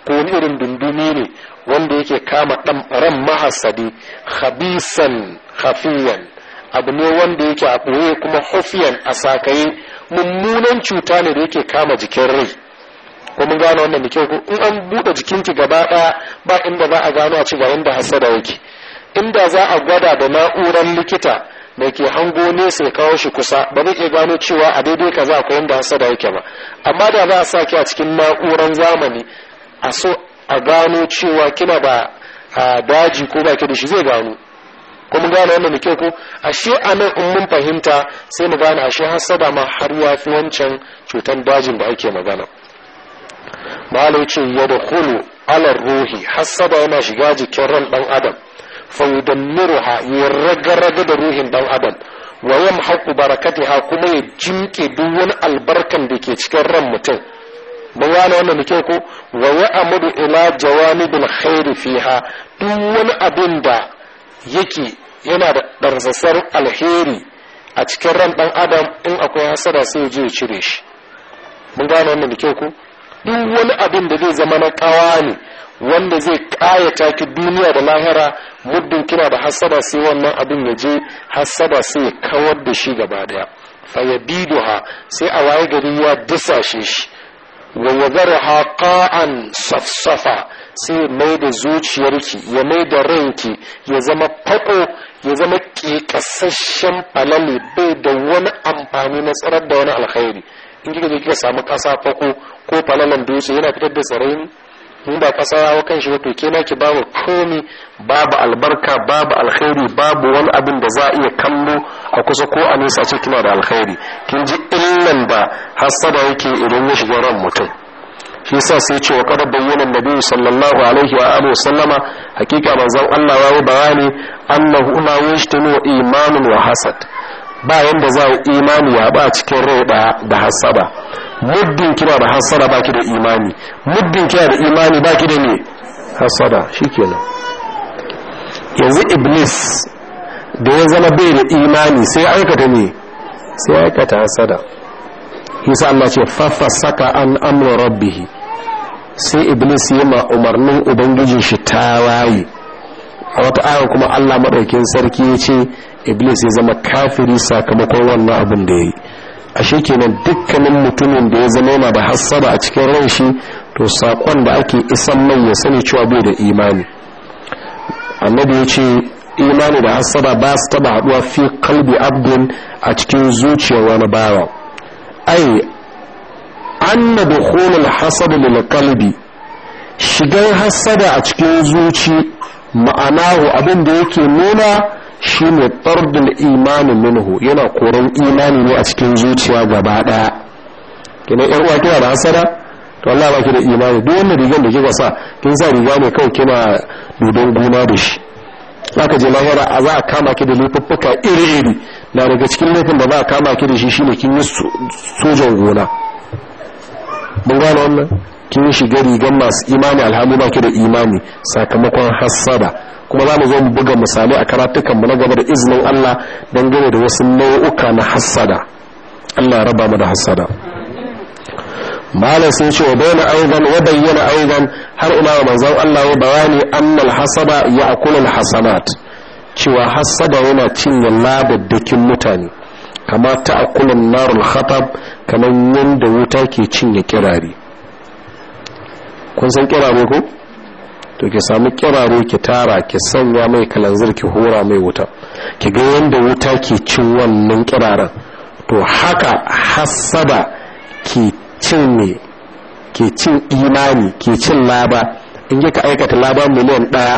ko wani irin dundumi ne wanda yake kama ɗanɓaran mahasadi habisan khafiyan abu ne wanda yake a ɓoye kuma hufiyan a sakaye mummunan cuta ne da yake kama jikin rai ko mun gano wannan da kyau in an buɗe jikinki gaba ɗaya ba inda za a gano a ci ga inda hasada yake inda za a gwada da na'urar likita da ke hango nesa ya kawo shi kusa ba zai gano cewa a daidai kaza akwai hasa hasada yake ba amma da za a sa ki a cikin na'uran zamani a so a gano cewa kina ba a daji ko ba ki da shi zai gano ko mun gane wannan kyau ko ashe a nan in mun fahimta sai mu gane ashe hasada ma har ya wancan cutar dajin da ake magana malai ce ya da hulu alar ruhi hasada yana shiga jikin ran dan adam fa yudammiruha ya raga-raga da ruhin dan adam wa yamhaqu barakatiha kuma ya duk wani albarkan da ke cikin ran mutum mun gane wannan da ko wa ya'mudu ila jawanibil khairi fiha duk wani abin da yake yana da darsasar alheri a cikin ran dan adam in akwai hasara sai ya je ya cire shi mun gane wannan da ko duk wani abin da zai zama na kawani ne wanda zai kayata ki duniya da lahira muddin kina da hasada sai wannan abin ya je hasada sai ya kawar da shi gaba daya fa biduha sai a waye gari ya dusashe shi wa yadarha haqa'an safsafa sai mai da zuciyarki ya mai da ranki ya zama fako ya zama kekasasshen falale bai da wani amfani na tsarar da wani alkhairi in kika je kika samu kasa fako ko falalan dutse yana fitar da tsarai mu ba kwasarawa kan shi wato ke ki babu komi babu albarka babu alkhairi babu wani abin da za a iya kallo a kusa ko a nesa ce kina da alkhairi kin ji illan da hasada yake idan ya shiga ran mutum shi yasa sai ce wa kada bayyana nabi sallallahu alaihi wa alihi sallama hakika manzon Allah ya yi bayani annahu la yajtanu imanun wa hasad ba yanda za a imani ya ba cikin rai da hasaba. muddin kina da hasada baki da imani muddin kina da imani baki da ne hasada shikenan yanzu iblis da ya zama bai da imani sai aikata ne sai aikata hasada yusa Allah ce fafasaka an amru rabbih sai iblis ya ma umarnin ubangijin shi ta waye a wata ayar kuma Allah madaukakin sarki ya ce iblis ya zama kafiri sakamakon wannan abin da yayi ashe kenan dukkanin mutumin da ya zama yana da hassaba a cikin ran shi to sakon da ake isan mai ya sani cewa bai da imani annabi ya ce imani da hassaba ba su taba haduwa fi kalbi abdin a cikin zuciyar wani bawa ai anna dukhulul hasad lil qalbi shigar hassada a cikin zuci ma'anahu abin da yake nuna shi ne imanin imanin minhu yana koran imani ne a cikin zuciya gaba ɗaya kina yan uwa kina da hasada to Allah baki da imani duk wanda rigar da kika sa kin sa riga ne kawai kina dodon guna da shi zaka je lahira a za a kama ki da lifuffuka iri-iri na daga cikin laifin da za a kama ki da shi shine kin yi sojan gona mun gane wannan kin shiga rigar masu imani alhamdu ba ki da imani sakamakon hasada. kuma za mu zo mu buga misali a karatukanmu na gaba da izinin Allah dangane da wasu nau'uka na hassada Allah ya raba mu da hassada malam sun ce wa bayyana aidan wa bayyana aidan har ina wa manzon Allah ya bayani annal hasada ya akulul hasanat cewa hasada yana cinye ladaddakin mutane kama ta akulun narul khatab kamar yanda wuta ke cinye kirari kun san kira ko to ki samu kiraro ki tara ki sanya mai kalanzir ki hura mai wuta ki ga yadda wuta ke cin wannan kiraran to haka hassada ke cin ne ke cin imani ke cin laba in ka aikata laba miliyan ɗaya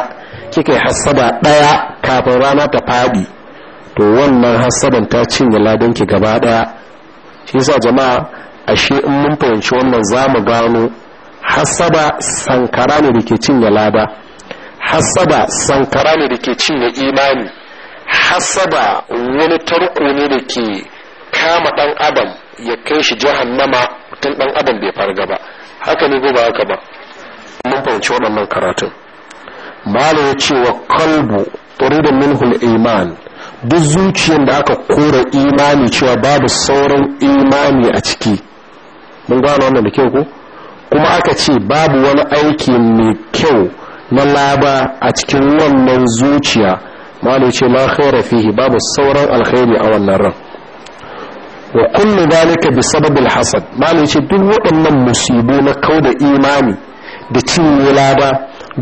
kika yi hassada ɗaya kafin rana ta faɗi to wannan hassadan ta cinye ladan ki gaba ɗaya shi sa jama'a ashe in mun fahimci wannan za mu gano hasaba sankara ne da ke cinye lada hasaba sankara ne da ke cinye imani hasaba wani tarko ne da ke kama dan adam ya kai shi jahannama tun dan adam bai farga ba haka ne ba haka ba mun fahimci waɗannan karatun malo ya ce wa kalbu da minhul iman duk zuciyar da aka kora imani cewa babu sauran imani a ciki mun gano wannan da kyau ko kuma aka ce babu wani aiki mai kyau na laba a cikin wannan zuciya malu ce la khaira fihi babu sauran alkhairi a wannan ran wa kullu zalika bi sababil hasad malu ce duk waɗannan musibu na kauda imani da cinye laba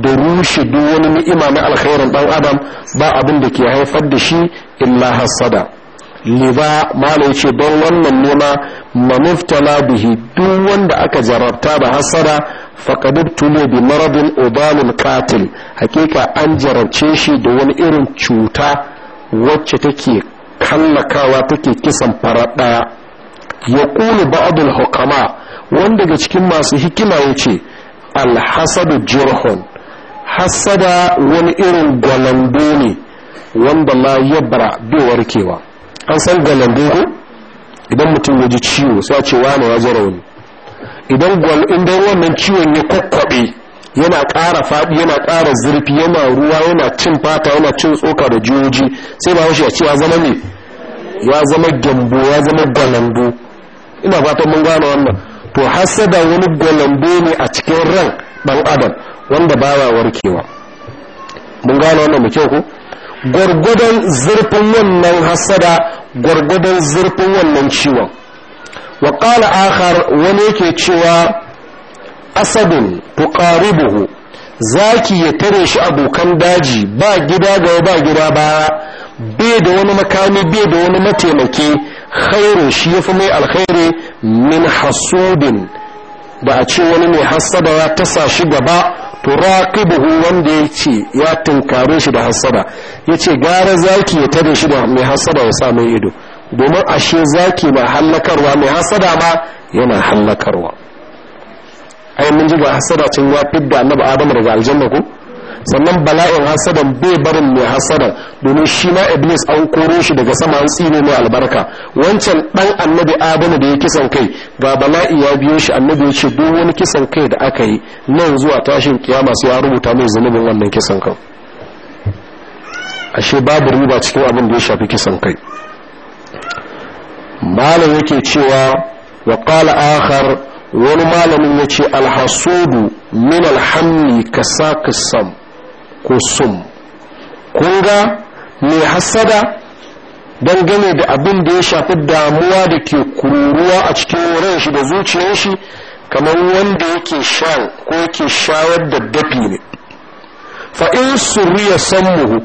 da rushe duk wani ni'ima na alkhairin dan adam ba abin da ke haifar da shi illa hasada liba malai ce don wannan nema mamuftala bihi duk wanda aka jarabta da hasara faƙadubtulo bi maradin obalin katil hakika an jarabce shi da wani irin cuta wacce take kallakawa take kisan farar ɗaya ya ƙuni ba'adul hukama wanda daga cikin masu hikima ya ce alhasadu jirhun hasada wani irin gwalando ne wanda la yabra bai warkewa an san galambe ko idan mutum ya ji ciwo sai a ce wane ya ji rauni idan idan wannan ciwon ya kwakwabe yana ƙara faɗi yana ƙara zurfi yana ruwa yana cin fata yana cin tsoka da jiyoji sai ba shi a ce ya zama ne ya zama gyambo ya zama gwalando ina fatan mun gane wannan to hasada wani gwalando ne a cikin ran ɗan adam wanda ya warkewa mun gane wannan mu kyau ko gwargwadon zurfin wannan hasada gwargwadon zurfin wannan ciwon wa kala akhar wani yake cewa asadun tuqaribuhu zaki ya tare shi abokan daji ba gida ga ba gida ba bai da wani makami bai da wani mataimaki khairu shi yafi mai alkhairi min hasudin da a ce wani mai hasada ya tasa shi gaba turaqibuhu wanda ya ce ya tunkare shi da hasada ya ce gara zaki ya tare shi da mai hasada ya sa ido domin ashe zaki na hallakarwa mai hasada ma yana hallakarwa ai mun ji ga hasada cin ya fidda annabi adamu daga aljanna ko sannan bala'in hasadan bai barin mai hasadan domin shi ma iblis an koro shi daga sama an tsine mai albarka wancan dan annabi adamu da ya kisan kai ga bala'i ya biyo shi annabi ya ce duk wani kisan kai da aka yi nan zuwa tashin kiyama sai ya rubuta mai zunubin wannan kisan kan ashe babu riba cikin abin da ya shafi kisan kai malam yake cewa wa qala akhar wani malamin ya ce alhasudu min alhammi ka sa sam ko sum kun ga mai hassada dangane da abin da ya shafi damuwa da ke kururuwa a cikin ran shi da zuciyar shi kamar wanda yake shan ko yake shawar da dafi ne fa in san muhu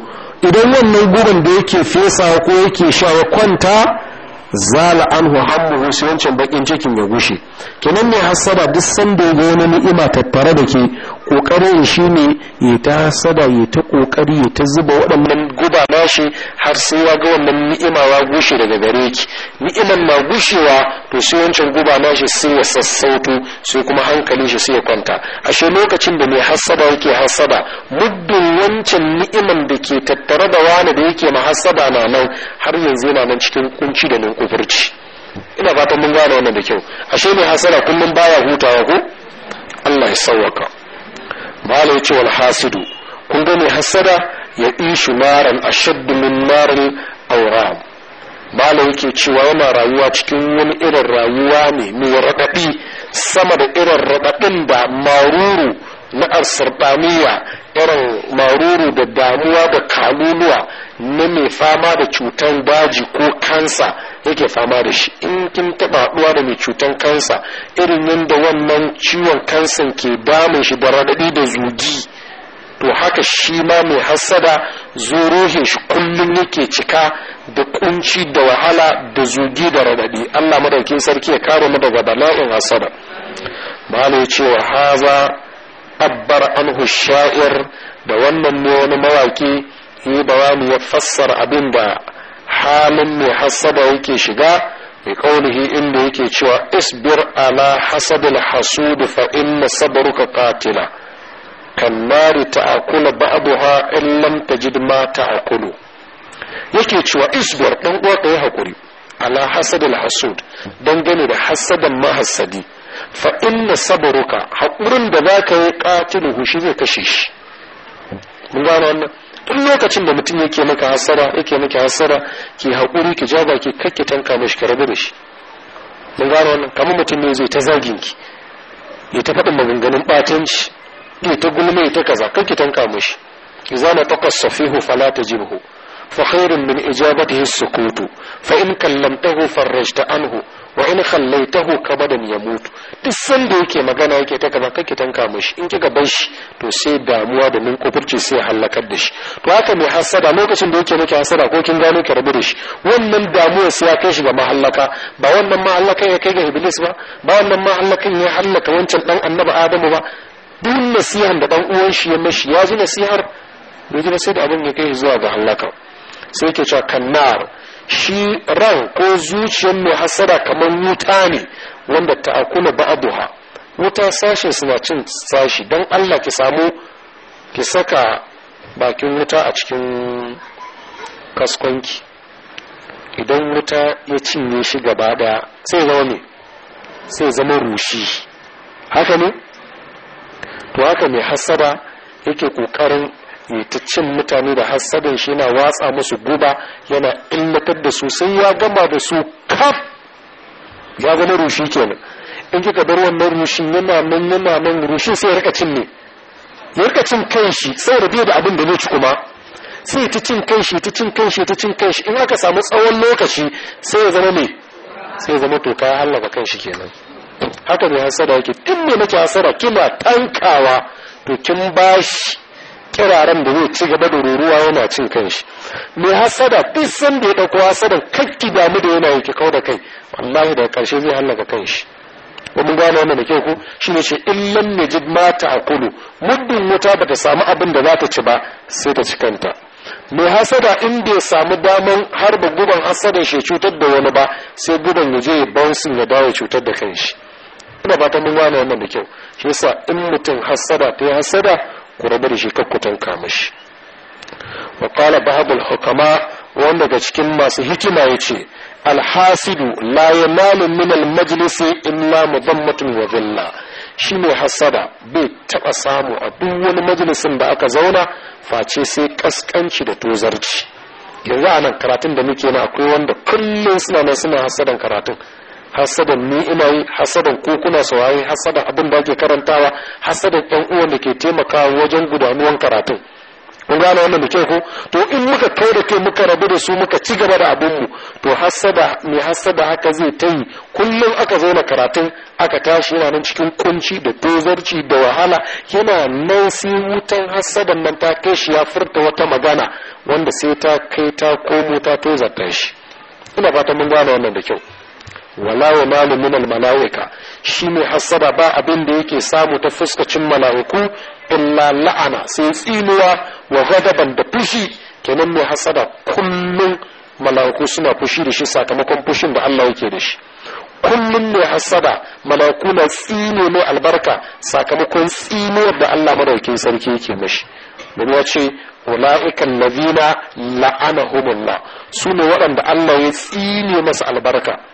idan wannan guban da yake fesa ko yake shawa kwanta zala anhu muhu sai wancan bakin cikin ya gushe kenan mai hasada duk sanda ga wani ni'ima tattare da ke kokarin shi ne ya ta sada ya ta kokari ya ta zuba waɗannan guba nashi har sai ya ga wannan ni'ima ya gushe daga gare ki ni'iman na gushewa to sai wancan guba nashi sai ya sassauto sai kuma hankalin shi sai ya kwanta ashe lokacin da mai hassada yake hassada muddin wancan ni'iman da ke tattare da wani da yake ma hassada na nan har yanzu yana nan cikin kunci da nan ina fatan mun gane wannan da kyau ashe mai hasada kullum baya hutawa ko Allah ya sauwaka malai ce wal hasidu kun ga hasada ya ishi maran a min marin aura malai yake cewa yana rayuwa cikin wani irin rayuwa ne mai raɗaɗi sama da irin raɗaɗin da maruru na arsardaniya irin maruru da damuwa da kaluluwa na mai fama da cutar daji ko kansa yake fama da shi in kin taba haɗuwa da mai cutan kansa irin yadda wannan ciwon kansan ke damun shi da raɗaɗi da zugi to haka shi ma mai hassada zuruhin shi kullum yake cika da kunci da wahala da zugi da radadi allah madaukin sarki ya kare mu daga bala'in hassada malam ya ce wa haza abbar anhu sha'ir da wannan ne wani mawaki yi mu ya fassara abin da halin mai hasada yake shiga mai kaunihi inda yake cewa isbir ala hasadil hasud fa inna sabruka qatila kan nari ta'akula ba'daha in lam tajid ma kulu. yake cewa isbir dan uwa kai hakuri ala hasadil hasud dangane da hasadan mahasadi, fa inna sabruka hakurin da zaka yi qatiluhu shi zai kashe shi mun gano wannan duk lokacin da mutum yake maka hasara yake maka hasara ki haƙuri ki ja baki kakke tanka mashi ka rabu da shi mun gano wannan kamar mutum ne zai ta zagin ki ya ta faɗin maganganun ɓatanci ya ta gulma ya ta kaza kakke tanka mashi. Ki safihu fala ta jibhu فلا min فخير من sukutu fa in kallamtahu فرجت anhu. wa in khallaitahu kabadan ya mutu duk sanda yake magana yake ta kaza kake tanka mishi in kika bar shi to sai damuwa da min kufurci sai halakar da shi to haka mai hasada lokacin da yake nake hasada ko kin gano ki rabu da shi wannan damuwa sai ya kai shi ga mahallaka ba wannan mahallakan ya kai ga iblis ba ba wannan mahallakan ya hallaka wancan dan annabi adamu ba duk nasihan da dan uwan shi ya mashi ya ji nasihar bai ji sai da abin ya kai zuwa ga halaka sai ke cewa kannar shi ran ko zuciyar mai hasada kamar wuta ne wanda ta akuna ba'aduha wuta sashen suna cin sashi don allah ki samu ki saka bakin wuta a cikin kaskonki idan wuta ya cinye shi gaba daya sai zama ne sai zama rushi haka ne to haka mai hasada yake kokarin ya ta cin mutane da hassadin shi yana watsa musu guba yana illatar da su sai ya gama da su kaf ya zama rushi kenan in kika bar wannan rushin yana nan yana nan rushin sai ya rika cin ne ya rika cin kan shi sai da biyu da abin da ne ci kuma sai ta cin kan shi ta cin kan shi ta cin kan shi in aka samu tsawon lokaci sai ya zama ne sai ya zama to ka hallaka kan shi kenan haka ne hasada yake in me nake hasada kina tankawa to kin bashi kiraren da zai ci gaba da ruruwa yana cin kanshi mai hasada duk san da ya dauko hasadan kakki damu da yana yake kau da kai wallahi daga karshe zai hallaka kanshi ko mun gane wannan da kyau ko shine ce illan najid ma Kulu, muddin wuta ta samu abin da za ta ci ba sai ta ci kanta mai hasada in bai samu daman harba guban hasadan shi cutar da wani ba sai guban ya je bouncing ya dawo cutar da kanshi ina ta mun gane wannan da kyau shi yasa in mutum hasada ta yi hasada ku bari da shi kakkutan kamashi tanka mashi wa qala hukama wanda daga cikin masu hikima ya ce alhasidu la yanalu min mu illa mudammatun wa Shi ne hasada bai taɓa samu a duk wani majalisin da aka zauna face sai ƙasƙanci da tozarci yanzu a nan karatun da muke na akwai wanda kullum suna nan suna hasadan karatun hasadan ni ina yi hasadan ko kuna sauraye hasadan abin da ake karantawa hasadan yan uwan da ke taimakawa wajen gudanuwan karatun kun gane wannan da kyau ko to in muka kai da kai muka rabu da su muka ci gaba da mu to hasada mai hasada haka zai ta yi kullum aka zo na karatun aka tashi yana nan cikin kunci da tozarci da wahala yana nan sai wutan hasadan nan ta kai shi ya furta wata magana wanda sai ta kai ta komo ta tozarta shi ina fatan mun gane wannan da kyau wala wa malu malaika shi ne hasada ba abin da yake samu ta fuskacin malaiku illa la'ana sai tsinuwa wa ghadaban da fushi kenan ne hasada kullum malaiku suna fushi da shi sakamakon fushin da Allah yake da shi kullum ne hasada malaiku na tsine mai albarka sakamakon tsinuwar da Allah madaukin sarki yake mashi domin ya ce la'ana lazina la'anahumullah su ne waɗanda Allah ya tsine masa albarka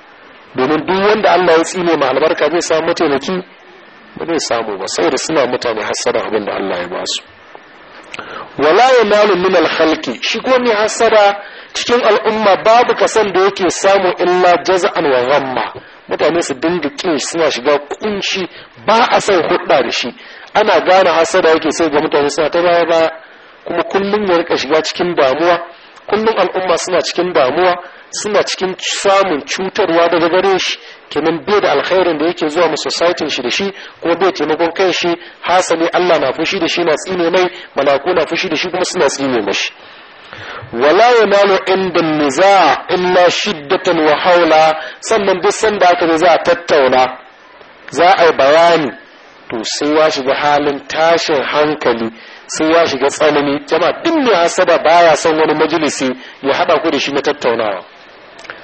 domin duk wanda Allah ya tsine ma albarka zai samu mataimaki ba zai samu ba saboda suna mutane hassada abin da Allah ya ba su wala malu min al-khalqi shi ko mai hassada cikin al'umma babu kasan da yake samu illa jaza'an wa ghamma mutane su dinga kin suna shiga kunci ba a son hudda da shi ana gane hasada yake sai ga mutane suna ta baya ba kuma kullum ya rika shiga cikin damuwa kullum al'umma suna cikin damuwa suna cikin samun cutarwa daga gare shi kenan bai da alkhairin da yake zuwa masu society shi da shi ko bai taimakon kan shi hasali Allah na fushi da shi na tsine mai malaku na fushi da shi kuma suna tsine mashi wala nalo inda niza illa shiddatan wa haula sannan duk sanda aka za a tattauna za a yi bayani to sai ya shiga halin tashin hankali sai ya shiga tsanani jama'a duk mai ba baya son wani majalisi ya haɗa ku da shi na tattaunawa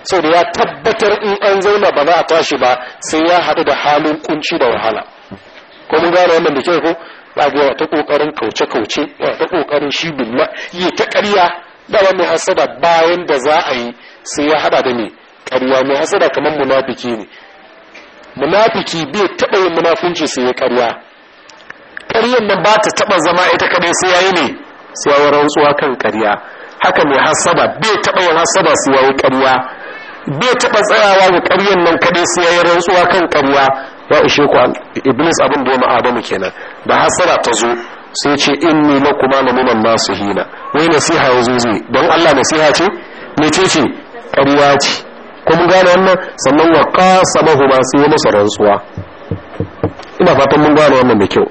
sau da ya tabbatar in an zauna ba za a tashi ba sai ya haɗu da halin kunci da wahala ko mun gane wannan da ke ko ba ga ta kokarin kauce-kauce ta kokarin shi billa yi ta ƙarya da wani hasada bayan da za a yi sai ya haɗa da ni ƙarya mai hasada kamar munafiki ne munafiki bai taɓa yin munafunci sai ya ƙarya ƙaryar nan ba ta taɓa zama ita kaɗai sai yayi ne sai rantsuwa kan ƙarya haka mai hasaba bai taɓa yin hasaba sai yayi ƙarya bai taɓa tsayawa ga ƙaryar nan kaɗai sai yayi rantsuwa kan ƙarya ya ishe ku iblis abin da ya adamu kenan da hasara ta zo sai ce inni lakuma lamunan masu hina wai nasiha ya zai don allah nasiha ce ne ce ce ƙarya ce kuma gane wannan sannan wa kasa mahu sai yi masa rantsuwa ina fatan mun gane wannan da kyau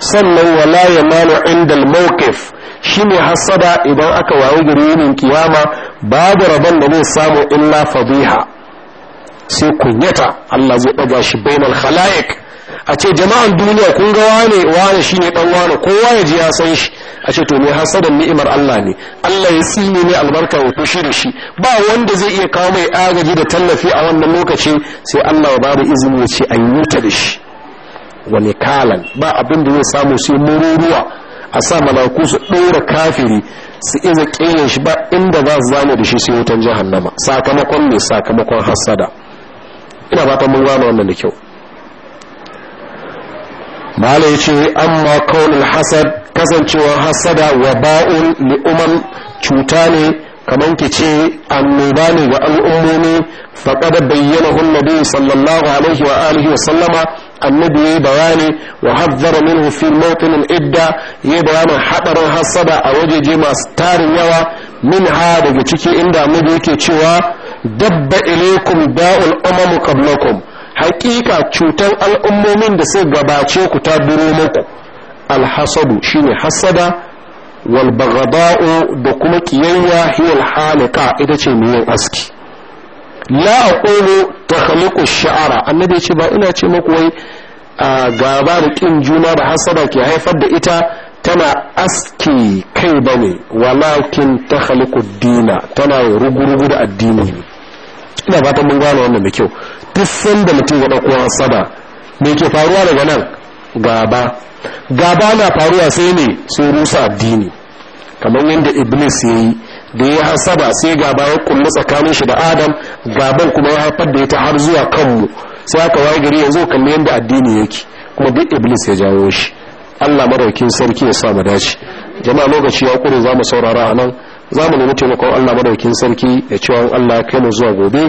sannan wala ya malu indal mawqif shine hasada idan aka wayi gari kiyama babu rabon da zai samu illa fadiha sai kunyata Allah zai daga shi bainal khalaiq a ce jama'an duniya kun ga wane wane shine dan wane kowa ya ji ya san shi a ce to me hasadan ni'imar Allah ne Allah ya tsine ne albarka ya fushi da shi ba wanda zai iya kawo mai agaji da tallafi a wannan lokaci sai Allah ya bada izini ya ce an yi ta da shi wa kalan ba abin da zai samu sai mururuwa a sa malaku su ɗora kafiri su iza ƙere shi ba inda za su zama da shi sai wutan jahannama sakamakon ne sakamakon hassada ina ba ta mun gano wannan da kyau mala yace amma kaunin hasad kasancewar hassada wa ba'un li'uman cuta ne kamar ki ce annoba ne ga al'ummomi faqad bayyana hun nabi sallallahu alaihi wa alihi wa sallama annabi yayi bayani wa hazzara min hufin mawtin idda yayi bayanin haɗarin hasada a wajeje masu tarin yawa min minha daga ciki inda annabi yake cewa dabba ilaykum da'ul umam qablakum haƙiƙa cutar al'ummomin da suka gabace ku ta duro muku alhasadu shine hasada wal baghda'u da kuma kiyayya hiya al ita ce miyan aski la aqulu takhluqu sha'ara annabi ya ce ba ina ce muku wai gaba da ƙin juna da hasada ke haifar da ita tana aski kai bane walakin takhluqu dina tana rugurugu da addini ina fatan mun gane wannan da kyau duk da mutum ya dauko hasada me ke faruwa daga nan gaba gaba na faruwa sai ne sun rusa addini kamar yadda iblis ya yi da ya hasaba sai gaba ya kullu tsakanin shi da adam gaban kuma ya haifar da ita har zuwa kanmu sai aka waye gari yanzu kalli yadda addini yake kuma duk iblis ya jawo shi allah maraukin sarki ya sa mu dace jama'a lokaci ya kure za mu saurara a nan za mu nemi taimakon Allah madaukin sarki da cewa Allah ya kai mu zuwa gobe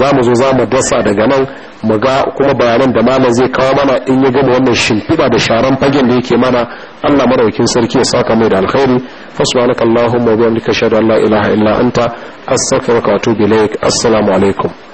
za mu zo za mu dasa daga nan mu ga kuma bayanan da malam zai kawo mana in ya gama wannan shimfiɗa da sharan fagen da yake mana Allah madaukin sarki ya saka mai da alkhairi fasubhanaka allahumma wa bihamdika ashhadu an la ilaha illa anta astaghfiruka wa atubu ilaik assalamu alaikum